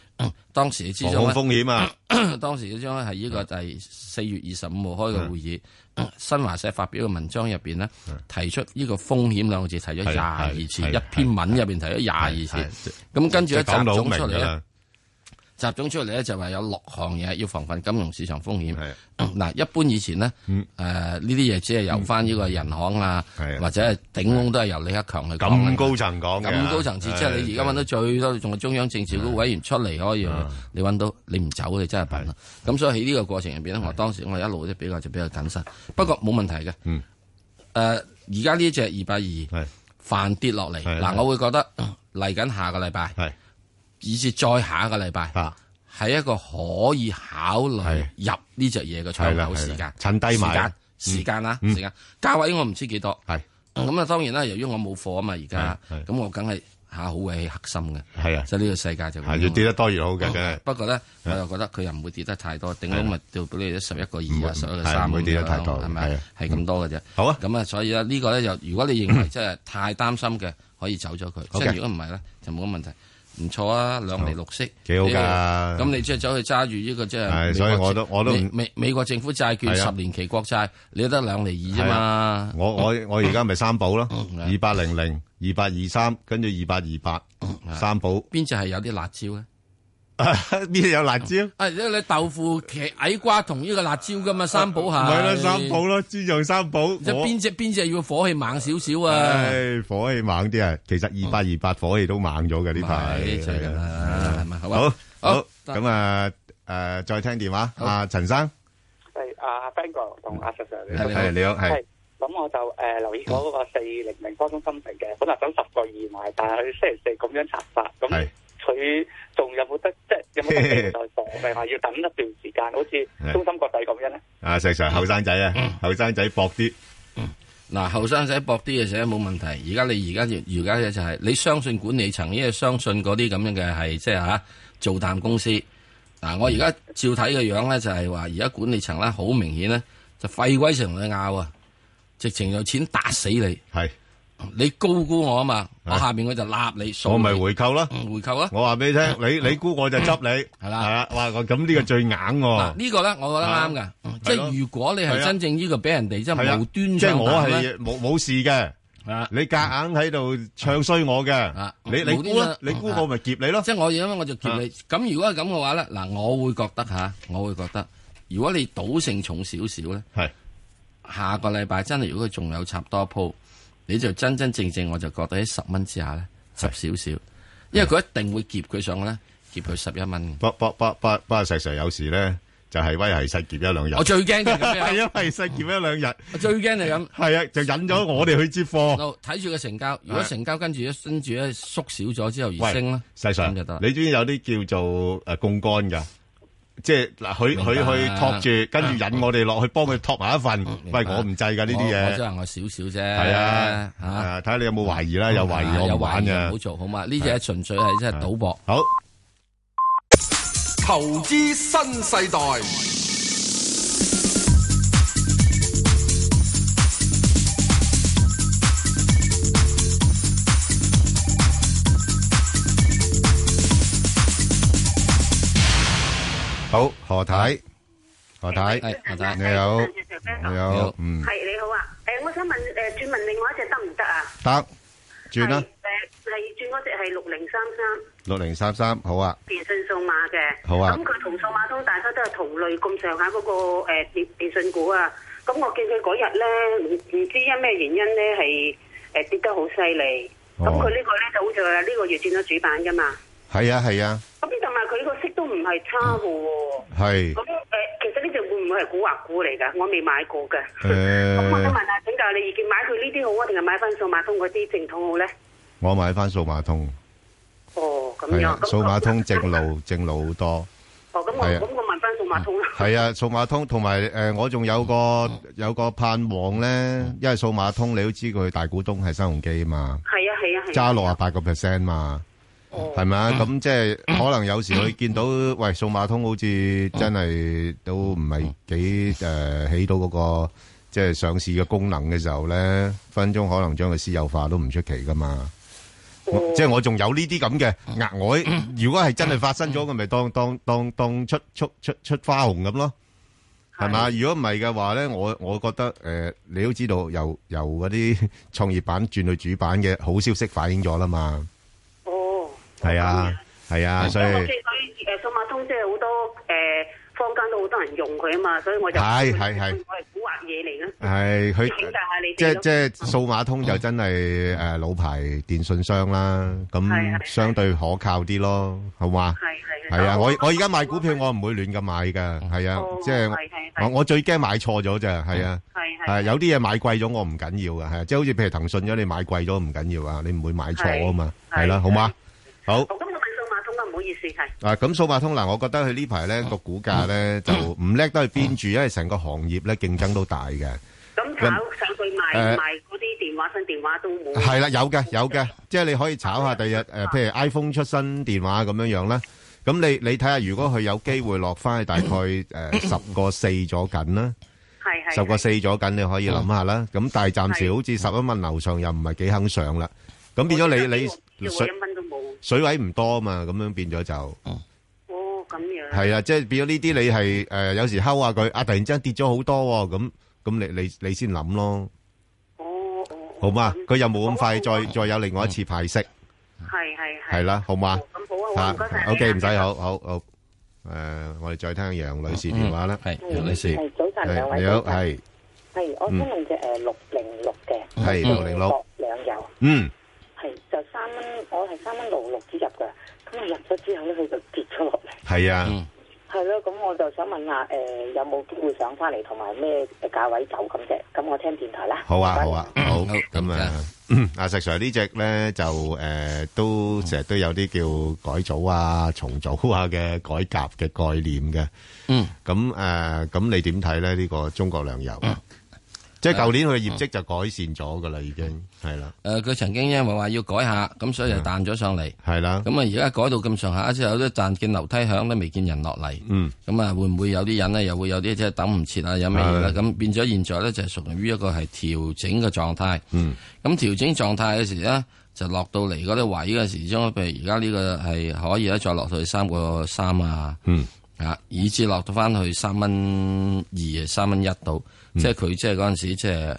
當時你知好風險啊，當時嘅張係呢個第四月二十五號開嘅會議，新華社發表嘅文章入邊呢，提出呢個風險兩個字，提咗廿二次，是的是的一篇文入邊提咗廿二次。咁跟住咧，習總出嚟咧。集中出嚟咧就話有六項嘢要防範金融市場風險。嗱， 一般以前呢，誒呢啲嘢只係由翻呢個銀行啊，嗯、或者係頂櫳都係由李克強去咁高層講，咁高層次，即係你而家搵到最多，仲係中央政治局委員出嚟可以。你搵到你唔走，你真係笨啦。咁所以喺呢個過程入邊咧，我當時我一路都比較就比較謹慎。不過冇問題嘅。嗯。誒、呃，而家呢隻二百二，係反跌落嚟。嗱，我會覺得嚟緊、呃、下,下個禮拜係。以至再下一個禮拜，係、啊、一個可以考慮入呢隻嘢嘅窗口時間，趁低買時、嗯、時，時間啦，嗯、時間價位我唔知幾多。係咁啊，嗯、當然啦，由於我冇貨啊嘛，而家咁我梗係下好鬼黑心嘅。係啊，即係呢個世界就係越跌得多越好嘅、嗯。不過咧，我又覺得佢又唔會跌得太多，頂多咪到俾你十一個二啊，十一個三咁樣。係咁、嗯、多嘅啫、嗯。好啊。咁啊，所以咧呢個咧，又如果你認為真係太擔心嘅，可以走咗佢。即係如果唔係咧，就冇乜問題。唔錯啊，兩厘六色，幾、哦、好㗎、啊！咁你即係、啊、走去揸住呢個即係美國所以我都我都美,美,美國政府債券十年期國債，啊、你都得兩厘二啫嘛！我我我而家咪三保咯，二八零零、二八二三，跟住二八二八，三保邊隻係有啲辣椒咧？邊 有辣椒？啊、哦哎，因為你豆腐茄、矮瓜同呢個辣椒噶嘛，三寶吓。咪、啊、咯、就是，三寶咯，尊重三寶。即係邊隻邊隻要火氣猛少少啊！哎、火氣猛啲啊，其實二八二八火氣都猛咗嘅呢排。好好，咁啊，誒，uh, uh, uh, uh, uh, uh, uh, 再聽電話阿陳生。係阿 Ben 哥同阿 Sasa。你好，你好。係咁，我就誒留意嗰個四零零方中新城嘅，本來等十個二埋，但係佢星期四咁樣拆法，咁佢。仲有冇得即係有冇平台房？定 要等一段時間？好似中心國際咁樣咧？啊，石 Sir 後生仔啊，後生仔搏啲。嗱，後生仔搏啲嘅時候冇問題。而家你而家而家嘅就係、是、你相信管理層，因為相信嗰啲咁樣嘅係即係吓做淡公司。嗱、啊，我而家照睇嘅樣咧，就係話而家管理層咧好明顯咧就廢鬼事同你拗啊，直情有錢打死你。係。你高估我啊嘛，我下面我就納你數。我咪回購啦，回購啊！我話俾你聽，你你估我就執你，係啦係啦。哇，咁呢個最硬喎。嗱，呢個咧，我覺得啱嘅，即係如果你係真正呢個俾人哋即係無端端，即係我係冇冇事嘅，你夾硬喺度唱衰我嘅，你你估咧？你估我咪劫你咯？即係我因為我就劫你。咁如果係咁嘅話咧，嗱，我會覺得吓，我會覺得，如果你賭性重少少咧，係下個禮拜真係如果佢仲有插多鋪。你就真真正正，正，我就覺得喺十蚊之下咧，十少少，因為佢一定會劫佢上嘅咧，劫佢十一蚊。不不不不不，石世上有時咧就係、是、威脅細劫一兩日。我最驚係咩啊？係啊，細劫一兩日，我最驚係咁。係 啊， 就引咗我哋去接貨，睇住個成交。如果成交跟住咧，跟住咧縮小咗之後而升啦，世上就得。你總之有啲叫做誒槓桿噶？啊即係嗱，佢佢、啊、去托住，跟住引我哋落去幫佢托埋一份、啊。喂，我唔制㗎呢啲嘢，我只我少少啫。係啊，睇、啊、下、啊、你有冇懷疑啦、嗯，有懷疑我唔玩嘅，唔好做好嘛。呢隻純粹係真係賭博。好，投資新世代。.好，何太何太何太，你好你好。嗯係，你好啊。誒，我想問，誒轉問另外一隻得唔得啊？得，轉啦。誒，係轉嗰隻係六零三三六零三三。好啊，電訊數碼嘅。好啊，咁佢同數碼通大家都係同類咁上下嗰個，誒電電訊股啊。咁我見佢嗰日咧，唔唔知因咩原因咧，係誒跌得好犀利，咁佢呢個咧，就好似話呢個月轉咗主板噶嘛。係啊係啊，咁同埋佢個息都唔係差嘅喎。係咁誒，其實呢隻會唔會係古惑股嚟噶？我未買過嘅，咁我想問下，請教你意見，買佢呢啲好啊，定係買翻數碼通嗰啲正股好咧？我買翻數碼通。哦，咁樣，數碼通正路正路好多。哦，咁我咁我買翻數碼通啦。係啊，數碼通同埋誒，我仲有個有個盼望咧，因為數碼通你都知佢大股東係新鴻基啊嘛。係啊係啊係。揸六啊八個 percent 嘛。係咪啊？咁即係可能有時佢見到喂數碼通好似真係都唔係幾誒、呃、起到嗰、嗰個即係上市嘅功能嘅時候咧，分鐘可能將佢私有化都唔出奇噶嘛。嗯、即係我仲有呢啲咁嘅額外，如果係真係發生咗，咁咪當當當當出出出出花紅咁咯。係咪啊？的如果唔係嘅話咧，我我覺得誒、呃，你都知道由由嗰啲創業板轉去主板嘅好消息反映咗啦嘛。係啊，係啊，所以，即係誒，數碼通即係好多誒坊間都好多人用佢啊嘛，所以我就係係係，我係古惑嘢嚟啦，係佢即係即係數碼通就真係誒老牌電信商啦，咁相對可靠啲咯，好嘛？係係係啊！我我而家買股票，我唔會亂咁買噶，係啊，即係我我最驚買錯咗啫，係啊，係有啲嘢買貴咗我唔緊要噶，係即係好似譬如騰訊咗，你買貴咗唔緊要啊，你唔會買錯啊嘛，係啦，好嘛？好，咁我問數碼通啦，唔好意思係。啊，咁數碼通嗱，我覺得佢呢排咧個股價咧就唔叻，都係邊住，因為成個行業咧競爭都大嘅。咁炒炒佢賣賣嗰啲電話，新電話都冇。係啦，有嘅有嘅，即係你可以炒下第日誒，譬如 iPhone 出新電話咁樣樣啦。咁你你睇下，如果佢有機會落翻去大概誒十個四咗緊啦，係係十個四咗緊，你可以諗下啦。咁但係暫時好似十一蚊樓上又唔係幾肯上啦。咁變咗你你十。水位唔多嘛，咁樣變咗就哦，哦咁樣係啦，即係變咗呢啲你係誒，有時敲下佢啊，突然之間跌咗好多咁，咁你你你先諗咯。哦哦，好嘛，佢又冇咁快再再有另外一次派息？係係係。係啦，好嘛。咁好啊，好唔該晒。O K，唔使，好好好，誒，我哋再聽楊女士電話啦。係楊女士，早晨，兩位早晨，係。係我聽用隻誒六零六嘅，係六零六。兩油嗯。就三蚊，我係三蚊六六之入噶，咁入咗之後咧，佢就跌出落嚟。係啊，係咯，咁我就想問下，誒，有冇機會上翻嚟，同埋咩價位走咁啫？咁我聽電台啦。好啊，好啊，好，咁啊，阿石 Sir 呢隻咧就誒，都成日都有啲叫改組啊、重組啊嘅改革嘅概念嘅。嗯，咁誒，咁你點睇咧？呢個中國兩油？即係舊年佢嘅業績就改善咗噶啦，已經係啦。誒，佢、嗯呃、曾經因為話要改下，咁所以就彈咗上嚟。係啦。咁、嗯、啊，而家改到咁上下之後咧，但見樓梯響都未見人落嚟。嗯。咁啊，會唔會有啲人呢？又會有啲即係等唔切啊，有咩嘢？啦咁變咗，現在呢，就係屬於一個係調整嘅狀態。嗯。咁調整狀態嘅時呢，就落到嚟嗰啲位嘅時中，譬如而家呢個係可以咧，再落到去三個三啊。嗯。啊！以至落到翻去三蚊二啊，三蚊一度，即係佢即係嗰陣時，即係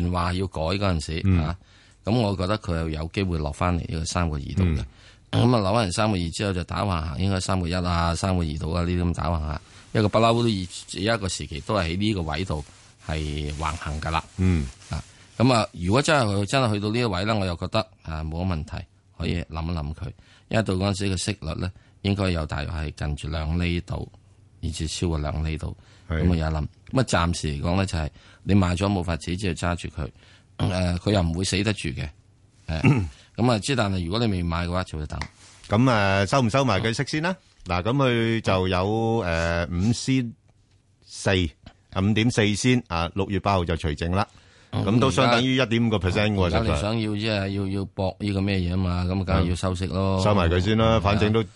全話要改嗰陣時咁、嗯啊、我覺得佢又有機會落翻嚟呢個三個二度嘅。咁、嗯嗯、啊，落翻嚟三個二之後就打橫行，應該三個一啊，三個二度啊呢啲咁打橫行，一個不嬲都以一個時期都係喺呢個位度係橫行噶啦。嗯啊，咁啊，如果真係佢真係去到呢個位咧，我又覺得啊冇乜問題，可以諗一諗佢，因為到嗰陣時嘅息率咧。應該有大約係近住兩厘度，以至超過兩厘度，咁我有諗，咁啊暫時嚟講咧就係你買咗冇法子，只係揸住佢，佢、呃、又唔會死得住嘅，咁啊！之 但係如果你未買嘅話，就會等。咁啊收唔收埋佢息先啦？嗱，咁 佢就有誒五仙四五點四仙啊，六月八號就除淨啦。咁、嗯、都相等於一點五個 percent 喎，哋想要即係要要搏呢個咩嘢啊嘛，咁梗係要收息咯。收埋佢先啦是是、啊，反正都嚇。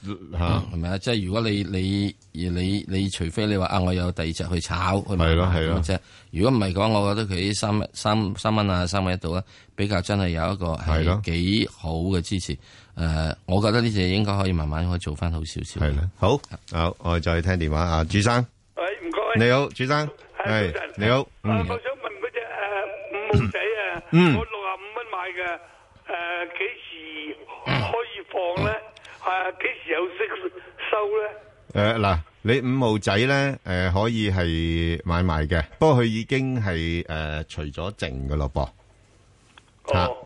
係咪啊，啊，啊？即係如果你你而你你，你除非你話啊，我有第二隻去炒去買係啫。如果唔係嘅話，我覺得佢三三三蚊啊，三蚊一度啊，比較真係有一個係幾好嘅支持。誒、啊呃，我覺得呢隻應該可以慢慢可以做翻好少少。係啦、啊啊，好，好，我再聽電話啊，朱生。喂，唔該。你好，朱生。係、啊。你好。嗯啊五毛仔啊！嗯、我六啊五蚊買嘅，誒、呃，幾時可以放咧？係、嗯嗯、啊，幾時有息收咧？誒、呃，嗱，你五毛仔咧，誒、呃，可以係買賣嘅，不過佢已經係誒、呃、除咗剩嘅咯噃。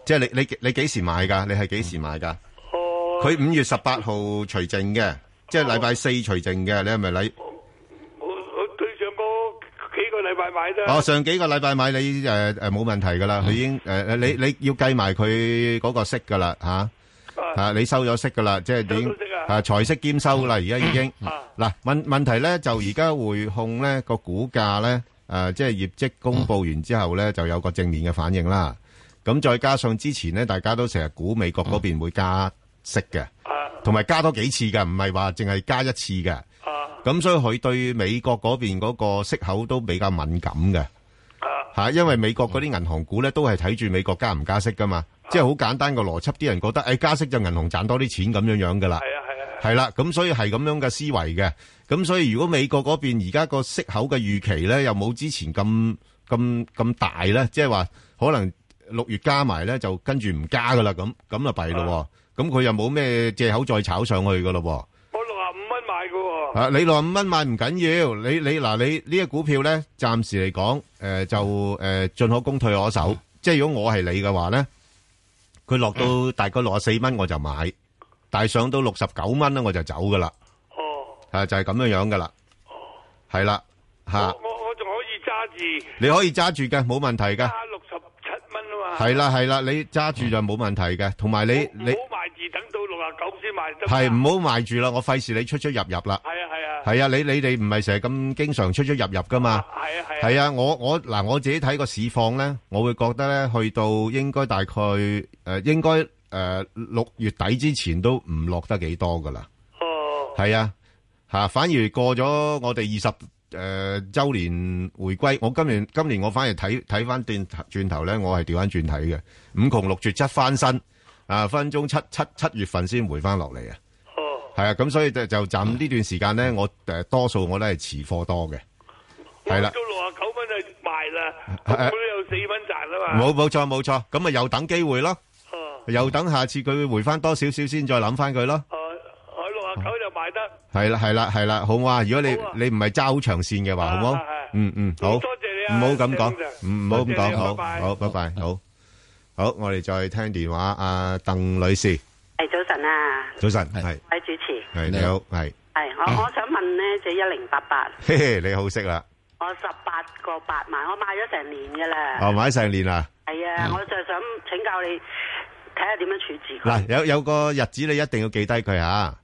即係你你你幾時買噶？你係幾時買噶？哦，佢、啊、五、哦、月十八號除淨嘅、哦，即係禮拜四除淨嘅，你係咪禮？哦，上幾個禮拜買你誒誒冇問題噶啦，佢已經誒你你要計埋佢嗰個息噶啦吓，吓你收咗息噶啦，即係已經誒財息兼收噶啦，而家已經嗱問問題咧就而家匯控咧個股價咧誒即係業績公布完之後咧就有個正面嘅反應啦，咁再加上之前咧大家都成日估美國嗰邊會加息嘅，同埋加多幾次噶，唔係話淨係加一次嘅。咁所以佢對美國嗰邊嗰個息口都比較敏感嘅，吓、啊，因為美國嗰啲銀行股咧都係睇住美國加唔加息噶嘛，即係好簡單個邏輯，啲人覺得誒、哎、加息就銀行賺多啲錢咁樣樣噶啦，係啊係啊，係啦、啊，咁、啊啊、所以係咁樣嘅思維嘅，咁所以如果美國嗰邊而家個息口嘅預期咧又冇之前咁咁咁大咧，即係話可能六月加埋咧就跟住唔加噶啦，咁咁就弊咯，咁佢、啊、又冇咩借口再炒上去噶咯。啊！你落五蚊買唔緊要，你你嗱，你呢個股票咧，暫時嚟講，誒就誒進可攻退可守，即係如果我係你嘅話咧，佢落到大概六啊四蚊我就買，但係上到六十九蚊咧我就走噶啦。哦，係就係咁樣樣噶啦。哦，係啦，吓。我我仲可以揸住，你可以揸住嘅，冇問題噶。揸六十七蚊啊嘛。係啦係啦，你揸住就冇問題嘅，同埋你你。冇賣住等到。係唔好賣住啦，我費事你出出入入啦。係啊係啊，係啊，你你哋唔係成日咁經常出出入入噶嘛？係啊係啊，係啊，我我嗱我自己睇個市況咧，我會覺得咧，去到應該大概誒，應該誒六月底之前都唔落得幾多噶啦。哦，係啊吓，反而過咗我哋二十誒周年回歸，我今年今年我反而睇睇翻轉轉頭咧，我係調翻轉睇嘅，五窮六絕七翻身。廿分鐘七七七月份先回翻落嚟啊，係啊，咁所以就就站呢段時間咧，我誒多數我都係持貨多嘅，係啦，到六啊九蚊就賣啦，我都有四蚊賺啊嘛，冇冇錯冇錯，咁啊又等機會咯，又等下次佢會回翻多少少先再諗翻佢咯，喺六啊九就賣得，係啦係啦係啦，好唔好啊？如果你你唔係揸好長線嘅話，好唔好？嗯嗯，好，多謝你啊，唔好咁講，唔好咁講，好，好，拜拜，好。好，我哋再聽電話，阿鄧女士。係、hey, 早晨啊，早晨係。主持係你好，係係我、啊、我想問咧，就一零八八。你好識啦。我十八個八萬，我買咗成年噶啦。哦，買成年啦。係啊、嗯，我就想請教你，睇下點樣處置佢。嗱，有有個日子你一定要記低佢啊。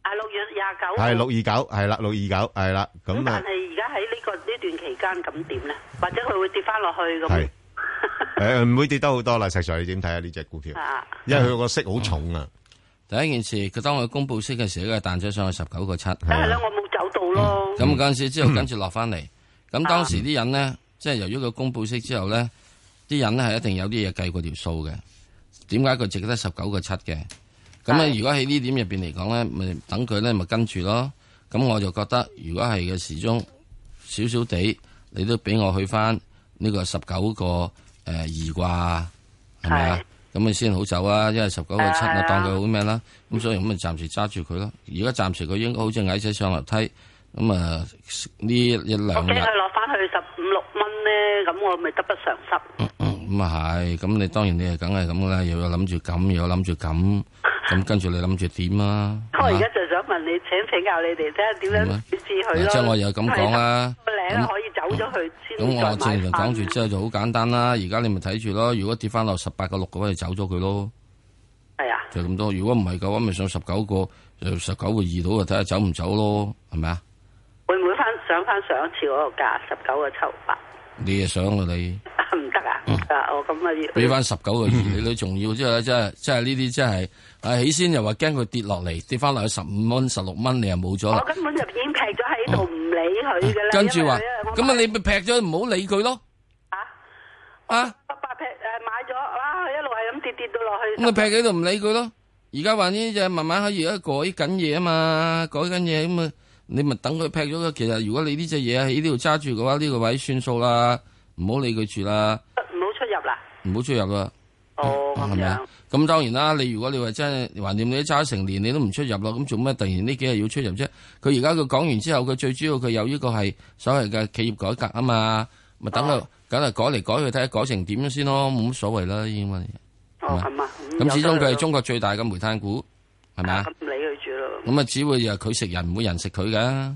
啊，六月廿九。係六二九，係啦，六二九，係啦、這個。咁但係而家喺呢個呢段期間咁點咧？或者佢會跌翻落去咁？誒、 哎，唔會跌得好多啦，實在你點睇下呢隻股票，因為佢個息好重啊，啊，啊。第一件事，佢當佢公布息嘅時候，佢彈咗上去十九個七。係啦、啊，我冇走到咯。咁嗰陣時之後，跟住落翻嚟。咁當時啲人呢，即、啊、係由於佢公布息之後呢，啲人係係一定有啲嘢計過條數嘅。點解佢值得十九個七嘅？咁啊，如果喺呢點入邊嚟講呢，咪等佢咧，咪跟住咯。咁我就覺得，如果係嘅時鐘、嗯、少少地，你都俾我去翻呢個十九個。誒、嗯，二啩，係咪啊？咁你先好走啊！因為十九個七，我當佢好咩啦？咁所以咁咪暫時揸住佢咯。而家暫時佢應該好似矮仔上樓梯咁啊，呢一兩日。我驚佢攞翻去十五六蚊咧，咁我咪得不償失。嗯咁啊係，咁你當然你係梗係咁啦，又有諗住咁，又有諗住咁，咁跟住你諗住點啊？ 我而家就想問你，請請教你哋睇下點樣處佢咯。即我又咁講啦，個、啊、可以走咗去、嗯。咁、嗯、我正常講住之後就好簡單啦、啊。而家你咪睇住咯。如果跌翻落十八個六個可就走咗佢咯。係啊。就咁多。如果唔係嘅話，咪上十九個，十九個二度就睇下走唔走咯，係咪啊？會唔會翻上翻上一次嗰個價？十九個七八。你又想啊你？唔得啊！啊，我咁啊要俾翻十九個月，你都仲要即係即係即係呢啲真係啊，起先又話驚佢跌落嚟，跌翻落去十五蚊、十六蚊，你又冇咗啦！我根本就已經劈咗喺度，唔理佢噶啦，跟住話咁啊，你咪劈咗唔好理佢咯。啊啊！八百劈誒買咗啊，一路係咁跌，跌到落去。咁咪劈喺度唔理佢咯，而家話呢就慢慢可以改緊嘢啊嘛，改緊嘢咁啊。你咪等佢劈咗，其實如果你呢隻嘢喺呢度揸住嘅話，呢、呢個位算數啦，唔好理佢住啦，唔好出入啦，唔好出入啊，係、哦、咪啊？咁、嗯嗯嗯嗯嗯嗯、當然啦，你如果你話真係橫掂你都揸成年，你都唔出入啦，咁做咩突然呢幾日要出入啫？佢而家佢講完之後，佢最主要佢有呢個係所謂嘅企業改革啊嘛，咪、哦、等佢，梗係改嚟改去睇下，改成點先咯，冇乜所謂啦，已經你，咁、嗯、始終佢係中國最大嘅煤炭股，係咪啊？是咁啊，只會又佢食人，唔會人食佢㗎，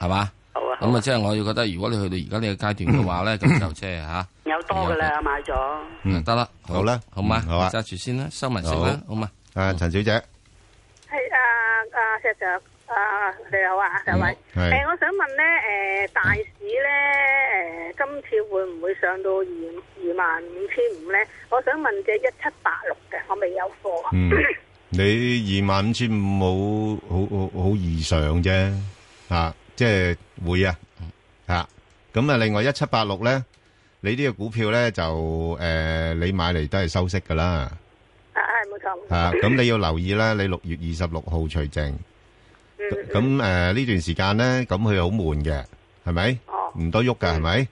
係嘛？好啊！咁啊，即係我要覺得，如果你去到而家呢個階段嘅話咧，咁就即係吓有多噶啦，買咗嗯得啦，好啦，好嘛，好啊，揸住先啦，收埋先啦，好嘛？誒，陳小姐係啊石石啊你好啊，係咪？誒，我想問咧，誒、呃，大市咧，誒、呃，今次會唔會上到二二萬五千五咧？我想問隻一七八六嘅，我未有貨。嗯你二萬五千五冇好好好異常啫，啊，即係會啊，啊，咁啊，另外一七八六咧，你呢個股票咧就誒，你買嚟都係收息噶啦，啊，係冇錯，啊，咁你要留意啦，你六月二十六號除剩除淨，咁誒呢段時間咧，咁佢好悶嘅，係咪？哦，唔多喐㗎，係咪？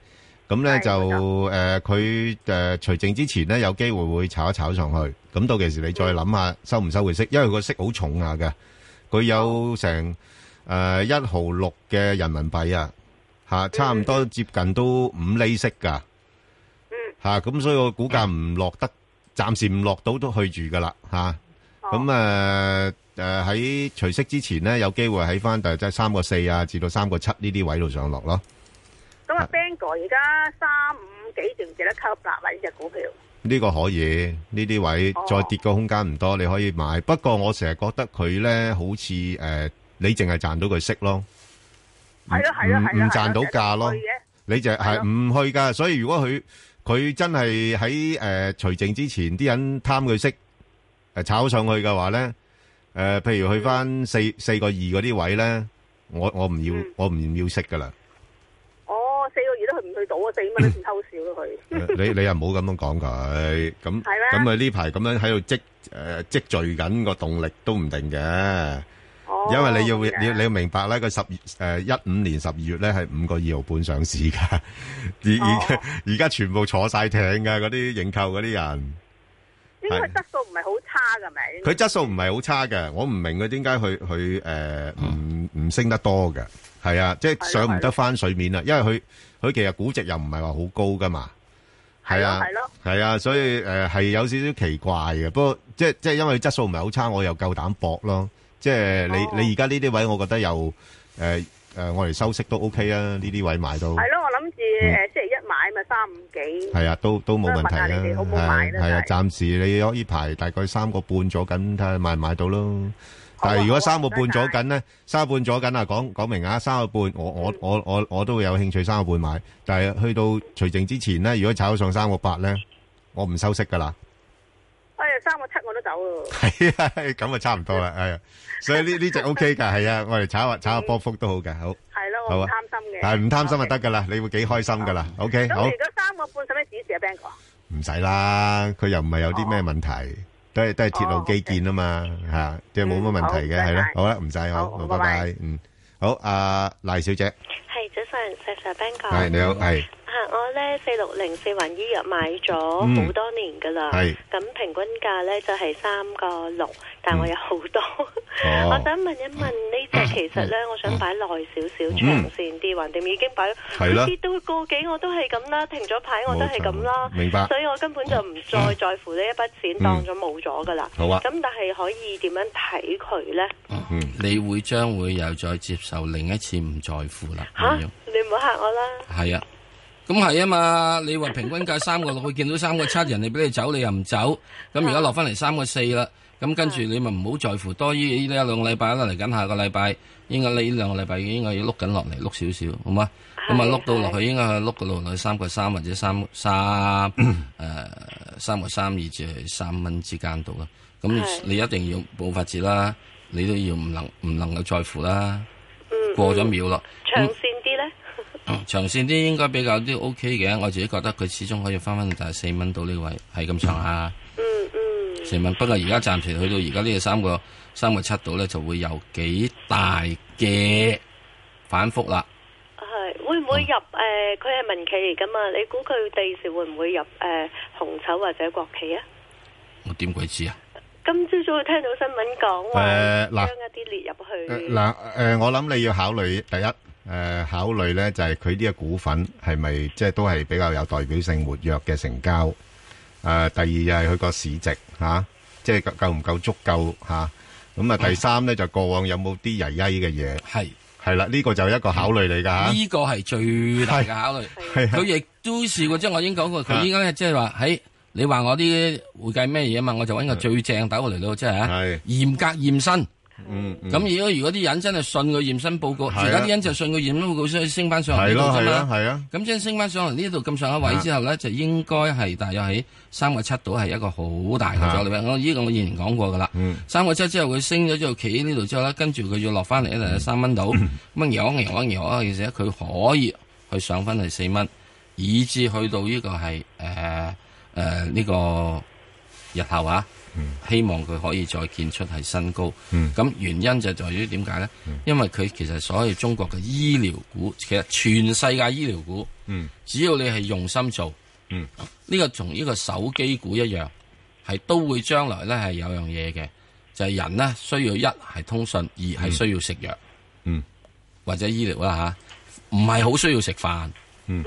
咁咧就誒，佢誒除淨之前咧，有機會會炒一炒上去。咁到期時你再諗下收唔收回息，因為個息好重下嘅，佢有成誒一毫六嘅人民幣啊，吓，差唔多接近都五厘息噶，吓，咁所以個股價唔落得，暫時唔落到都去住噶啦，吓，咁誒誒喺除息之前咧有機會喺翻但係即係三個四啊，至到三個七呢啲位度上落咯。咁啊，Bangor 而家三五幾段值得吸啦，呢隻股票。呢個可以，呢啲位再跌個空間唔多，你可以買。不過我成日覺得佢咧好似誒，你淨係賺到佢息咯，唔唔賺到價咯。你就係唔去㗎，所以如果佢佢真係喺誒除淨之前，啲人貪佢息誒炒上去嘅話咧，誒譬如去返四四個二嗰啲位咧，我我唔要，我唔要息㗎啦。我四蚊都唔偷笑咯，佢你你又唔好咁樣講佢咁，咁啊呢排咁樣喺度積誒積聚緊個動力都唔定嘅。因為你要要你要明白咧，佢十誒一五年十二月咧係五個二毫半上市噶而而而家全部坐晒艇噶嗰啲認購嗰啲人，因為質素唔係好差噶，咪？佢質素唔係好差嘅，我唔明佢點解佢佢誒唔唔升得多嘅？係啊，即係上唔得翻水面啊，因為佢。佢其實估值又唔係話好高㗎嘛，係啊，係咯，係啊，所以誒係有少少奇怪嘅。不過即係即係因為質素唔係好差，我又夠膽搏咯。即係你你而家呢啲位，我覺得又誒誒，我嚟收息都 OK 啊。呢啲位買到係咯，我諗住誒星期一買咪三五幾，係啊，都都冇問題啊。係係啊，暫時你呢排大概三個半左緊，睇下買唔買到咯。但係如果三個半咗緊咧，三個半咗緊啊，講講明啊，三個半我我我我我都有興趣三個半買，但係去到除淨之前咧，如果炒到上三個八咧，我唔收息噶啦。哎呀，三個七我都走啊。係啊，咁啊差唔多啦，哎呀，所以呢呢隻 O K 噶，係啊，我哋炒啊炒下波幅都好嘅，好。係咯，我唔貪心嘅。但係唔貪心就得噶啦，你會幾開心噶啦，O K 好。咁如果三個半使咩指示啊，Ben 哥？唔使啦，佢又唔係有啲咩問題。都係都係鐵路基建啊嘛，吓即係冇乜問題嘅，係囉，好啦，唔使好，拜拜，嗯，好，阿賴小姐，係早晨，早晨，斑哥，係你好，係。我咧，四六零四環醫藥買咗好多年噶啦，咁、嗯、平均價咧就係三個六，但我有好多、嗯 哦。我想問一問呢隻、嗯，其實咧、嗯，我想擺耐少少，長線啲，橫掂已經擺？係、嗯、啦，跌到個幾我都係咁啦，停咗牌我都係咁啦，明白。所以我根本就唔再在乎呢一筆錢、嗯、當咗冇咗噶啦。好啊，咁但係可以點樣睇佢咧？你會將會又再接受另一次唔在乎啦吓、啊？你唔好吓我啦，係啊。咁係啊嘛，你話平均計三個六，佢見到三個七，人哋俾你走，你又唔走。咁而家落翻嚟三個四啦，咁跟住你咪唔好在乎多於呢一兩個禮拜啦。嚟緊下，下個禮拜，應該呢呢兩個禮拜應該要碌緊落嚟，碌少少，好嘛？咁啊碌到落去，應該係碌個路落去三個三或者三三誒，三個三二至係三蚊之間度啦。咁你一定要冇法子啦，你都要唔能唔能夠在乎啦。過咗秒啦。長線。嗯嗯嗯、長線啲應該比較都 OK 嘅，我自己覺得佢始終可以翻翻嚟第四蚊到呢個位，係咁上下。嗯嗯。四蚊，不過而家暫時去到而家呢個三個三個七度咧，就會有幾大嘅反覆啦。係會唔會入？誒、嗯，佢、呃、係民企嚟噶嘛？你估佢第時會唔會入？誒、呃，紅籌或者國企啊？我點鬼知啊？今朝早會聽到新聞講話將一啲列入去。嗱、呃、誒、呃呃，我諗你要考慮第一。誒，考慮咧，就係佢呢個股份係咪即係都係比較有代表性、活躍嘅成交？誒，第二又係佢個市值吓，即係夠唔夠足夠吓？咁啊，第三咧，就過往有冇啲曳曳嘅嘢？係係啦，呢個就係一個考慮嚟噶。呢個係最大嘅考慮。係係。佢亦都試過，即係我已經講過，佢依家咧，即係話喺你話我啲會計咩嘢嘛，我就揾個最正斗嚟到，即係吓，嚴格驗身。嗯，咁、嗯、如果如果啲人真係信個驗身報告，而家啲人就信個驗身報告，所以升翻上嚟到啫嘛。咁、啊啊啊、即係升翻上嚟呢度咁上下位之後咧、啊，就應該係大約喺三個七度係一個好大嘅阻力位。我依、啊這個我以前講過噶啦，三個七之後佢升咗之後企喺呢度之後咧，跟住佢要落翻嚟呢度三蚊度，咁搖一搖一搖，而且佢可以去上翻去四蚊，以至去到呢個係誒誒呢個日頭啊。嗯、希望佢可以再建出係新高，咁、嗯、原因就在於點解咧？因為佢其實所謂中國嘅醫療股，其實全世界醫療股、嗯，只要你係用心做，呢、嗯這個同呢個手機股一樣，係都會將來咧係有樣嘢嘅，就係、是、人咧需要一係通訊，二係、嗯、需要食藥、嗯，或者醫療啦吓，唔係好需要食飯。 嗯，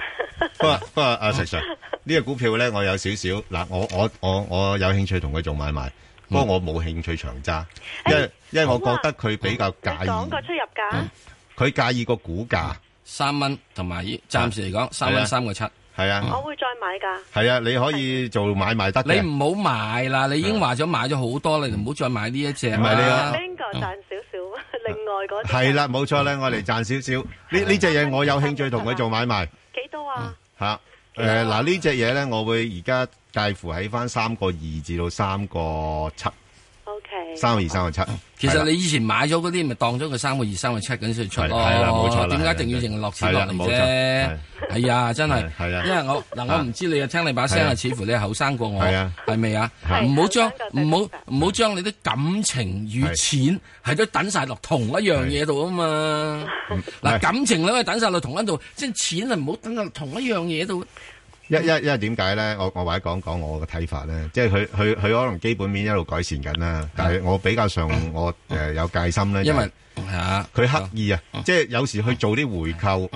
不過不過阿 Sir Sir 呢隻股票咧，我有少少嗱，我我我我有興趣同佢做買賣，不、嗯、過我冇興趣長揸、嗯，因為因為我覺得佢比較介意。講、嗯、個出入價，佢介意個股價三蚊，同埋暫時嚟講三蚊三個七，係啊，3 3. 係啊、嗯，我會再買噶，係啊，你可以做買賣得、嗯、你唔好買啦，你已經話咗、啊、買咗好多，你唔好再買呢一隻啦、啊，邊個、嗯、賺少少、嗯，另外嗰隻係啦，冇、啊嗯啊、錯啦，我嚟賺少少，呢呢隻嘢我有興趣同佢做買賣。嚇、啊！誒嗱呢隻嘢呢，我會而家介乎喺返三個二至到三個七。三個二三個七，其實你以前買咗嗰啲咪當咗個三個二三個七咁先出咯，冇錯，點解一定要淨係落錢落嚟啫？係啊，真係，因為我嗱、啊，我唔知你啊，聽你把聲啊，似乎你後生過我，係咪啊？唔好將唔好唔好將你啲感情與錢係都等晒落同一樣嘢度啊嘛！嗱、嗯，感情你可以等晒落同一度，即係錢啊，唔好等落同一樣嘢度。 一、一、因為，點解咧？我我或者講講我嘅睇法咧，即係佢佢佢可能基本面一路改善緊啦，但係我比較上我誒有戒心咧。因為吓佢刻意啊，即係有時去做啲回購，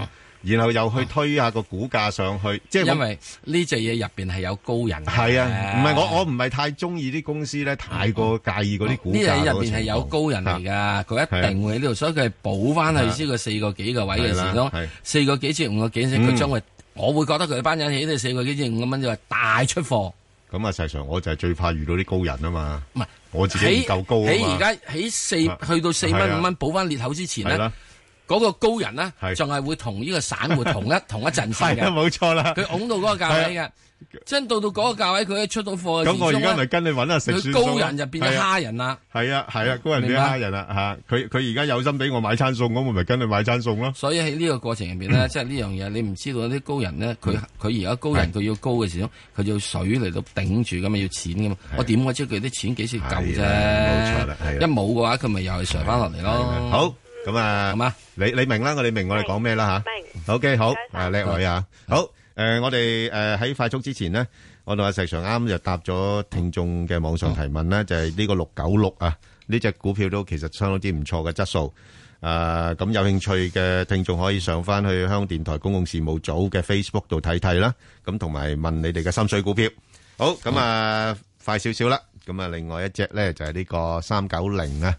然後又去推下個股價上去。即係因為呢隻嘢入邊係有高人。係啊，唔係我我唔係太中意啲公司咧，太過介意嗰啲股價。呢嘢入邊係有高人嚟噶，佢一定會喺呢度，所以佢係補翻去超過四個幾個位嘅時候，四個幾至五個幾先，佢將佢。我會覺得佢班人起到四個幾千五咁蚊就係大出貨。咁啊，事實上我就係最怕遇到啲高人啊嘛。唔係，我自己唔夠高，你喺而家喺四去到四蚊五蚊補翻裂口之前咧，嗰、嗰個高人咧仲係會同呢個散戶同一 同一陣線嘅。冇錯啦，佢拱到嗰個價位嘅。真到到嗰個價位，佢一出到貨咁，我而家咪跟你揾啊食書高人就變咗蝦人啦。係啊係啊，啊，高人變咗蝦人啦吓。佢佢而家有心俾我買餐送，我咪跟你買餐送咯。所以喺呢個過程入邊咧，即係呢樣嘢，你唔知道啲高人咧，佢佢而家高人，佢要高嘅時候，佢要水嚟到頂住，咁啊要錢噶嘛。啊、我點我知佢啲錢幾時夠啫？冇錯、啊啊啊、一冇嘅話，佢咪又係上翻落嚟咯。好，咁啊，好嘛？你你明啦，我哋明我哋講咩啦吓？O K，好啊，叻女啊，好。誒，我哋誒喺快速之前咧，我同阿石 Sir 啱就答咗聽眾嘅網上提問咧，就係呢個六九六啊呢隻股票都其實相當之唔錯嘅質素。誒，咁有興趣嘅聽眾可以上翻去香港電台公共事務組嘅 Facebook 度睇睇啦。咁同埋問你哋嘅心水股票。好，咁啊，快少少啦。咁啊，另外一隻咧就係呢個三九零啊，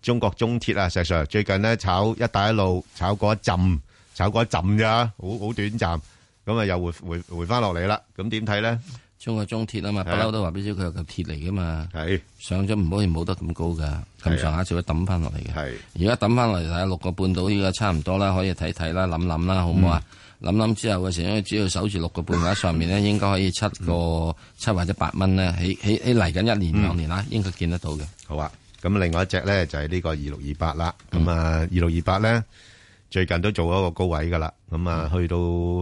中國中鐵啊，石 Sir 最近咧炒一帶一路炒過一浸，炒過一浸啫，好好短暫。咁啊，又回，回回回翻落嚟啦。咁點睇咧？中國中鐵啊嘛，不嬲、啊、都話，至少佢有個鐵嚟噶嘛。係、啊、上咗唔可以冇得咁高噶，咁上、啊、下就會抌翻落嚟嘅。係而家抌翻落嚟睇六個半島呢個差唔多啦，可以睇睇啦，諗諗啦，好唔好啊？諗、嗯、諗之後嘅時候，因為只要守住六個半島 上面咧，應該可以七個、嗯、七或者八蚊咧，喺喺嚟緊一年兩年啦，嗯、年應該見得到嘅。好啊，咁另外一隻咧就係、是嗯、呢個二六二八啦。咁啊，二六二八咧。最近都做咗個高位噶啦，咁啊去到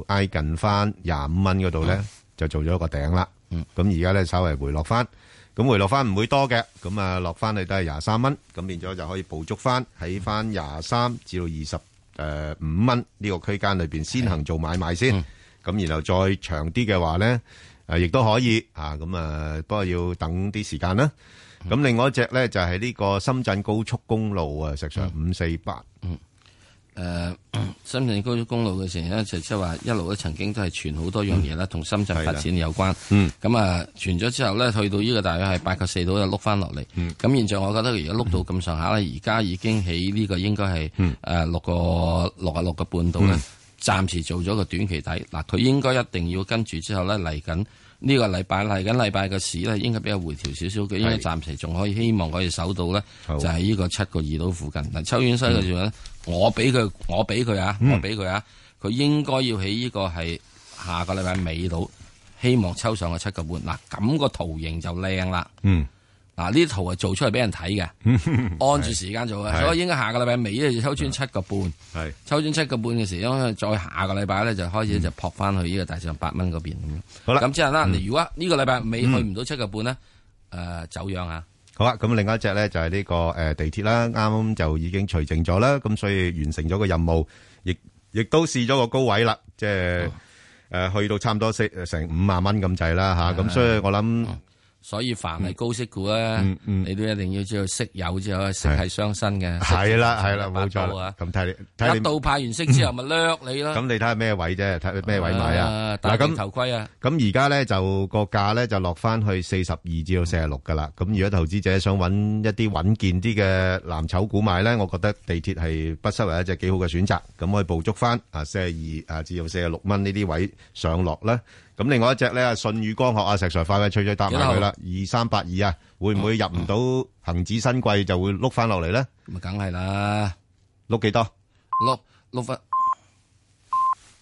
挨近翻廿五蚊嗰度咧，就做咗一個頂啦。咁而家咧，稍微回落翻，咁回落翻唔會多嘅，咁啊落翻嚟都係廿三蚊，咁變咗就可以捕捉翻喺翻廿三至到二十誒五蚊呢個區間裏邊先行做買賣先。咁然後再長啲嘅話咧，誒亦都可以啊。咁啊不過要等啲時間啦。咁另外一隻咧就係呢個深圳高速公路啊，實際上五四八，誒深圳高速公路嘅成日，就即係話一路都曾經都係傳好多樣嘢啦，同、嗯、深圳發展有關。嗯，咁啊，傳咗之後呢，去到呢個大約係八個四度又碌翻落嚟。咁、嗯、現在我覺得而家碌到咁上下呢，而、嗯、家已經喺呢個應該係誒六個六啊，六個半度呢，暫時做咗個短期底。嗱、嗯，佢應該一定要跟住之後呢嚟緊。呢、這個禮拜嚟緊，禮拜嘅市咧應該比較回調少少嘅，因為暫時仲可以希望可以守到咧，就係、是、呢個七個二到附近。嗱，秋遠西嘅時候咧，我俾佢，我俾佢啊，嗯、我俾佢啊，佢應該要喺呢個係下個禮拜尾到，希望抽上個七個半。嗱，咁個圖形就靚啦。嗯嗱，呢啲圖啊，係做出嚟俾人睇嘅， 按住時間做嘅。所以應該下個禮拜尾，因抽穿七個半，係抽穿七個半嘅時間，咁、嗯、再下個禮拜咧就開始就撲翻去呢個大上八蚊嗰邊。好啦，咁之後啦、嗯，如果呢個禮拜尾去唔到七個半咧，誒、嗯呃、走樣啊。好、就是這個呃、啦，咁另外一隻咧就係呢個誒地鐵啦，啱啱就已經除剩咗啦，咁所以完成咗個任務，亦亦都試咗個高位啦，即係誒去到差唔多四成五萬蚊咁滯啦吓，咁、啊、所以我諗。嗯所以凡係高息股咧，你都一定要知道息有之後，息係傷身嘅。係啦係啦，冇錯啊！咁睇你，一到派完息之後咪掠你咯。咁你睇下咩位啫？睇咩位買啊？戴定頭盔啊！咁而家咧就個價咧就落翻去四十二至到四十六噶啦。咁如果投資者想揾一啲穩健啲嘅藍籌股買咧，我覺得地鐵係不失為一隻幾好嘅選擇。咁可以捕捉翻啊四十二啊至到四十六蚊呢啲位上落咧。咁另外一隻咧，信宇光學啊，石 Sir 快快脆脆答埋佢啦，二三八二啊，會唔會入唔到恒指新貴就會碌翻落嚟咧？咪梗係啦，碌、嗯、幾、嗯、多？碌六。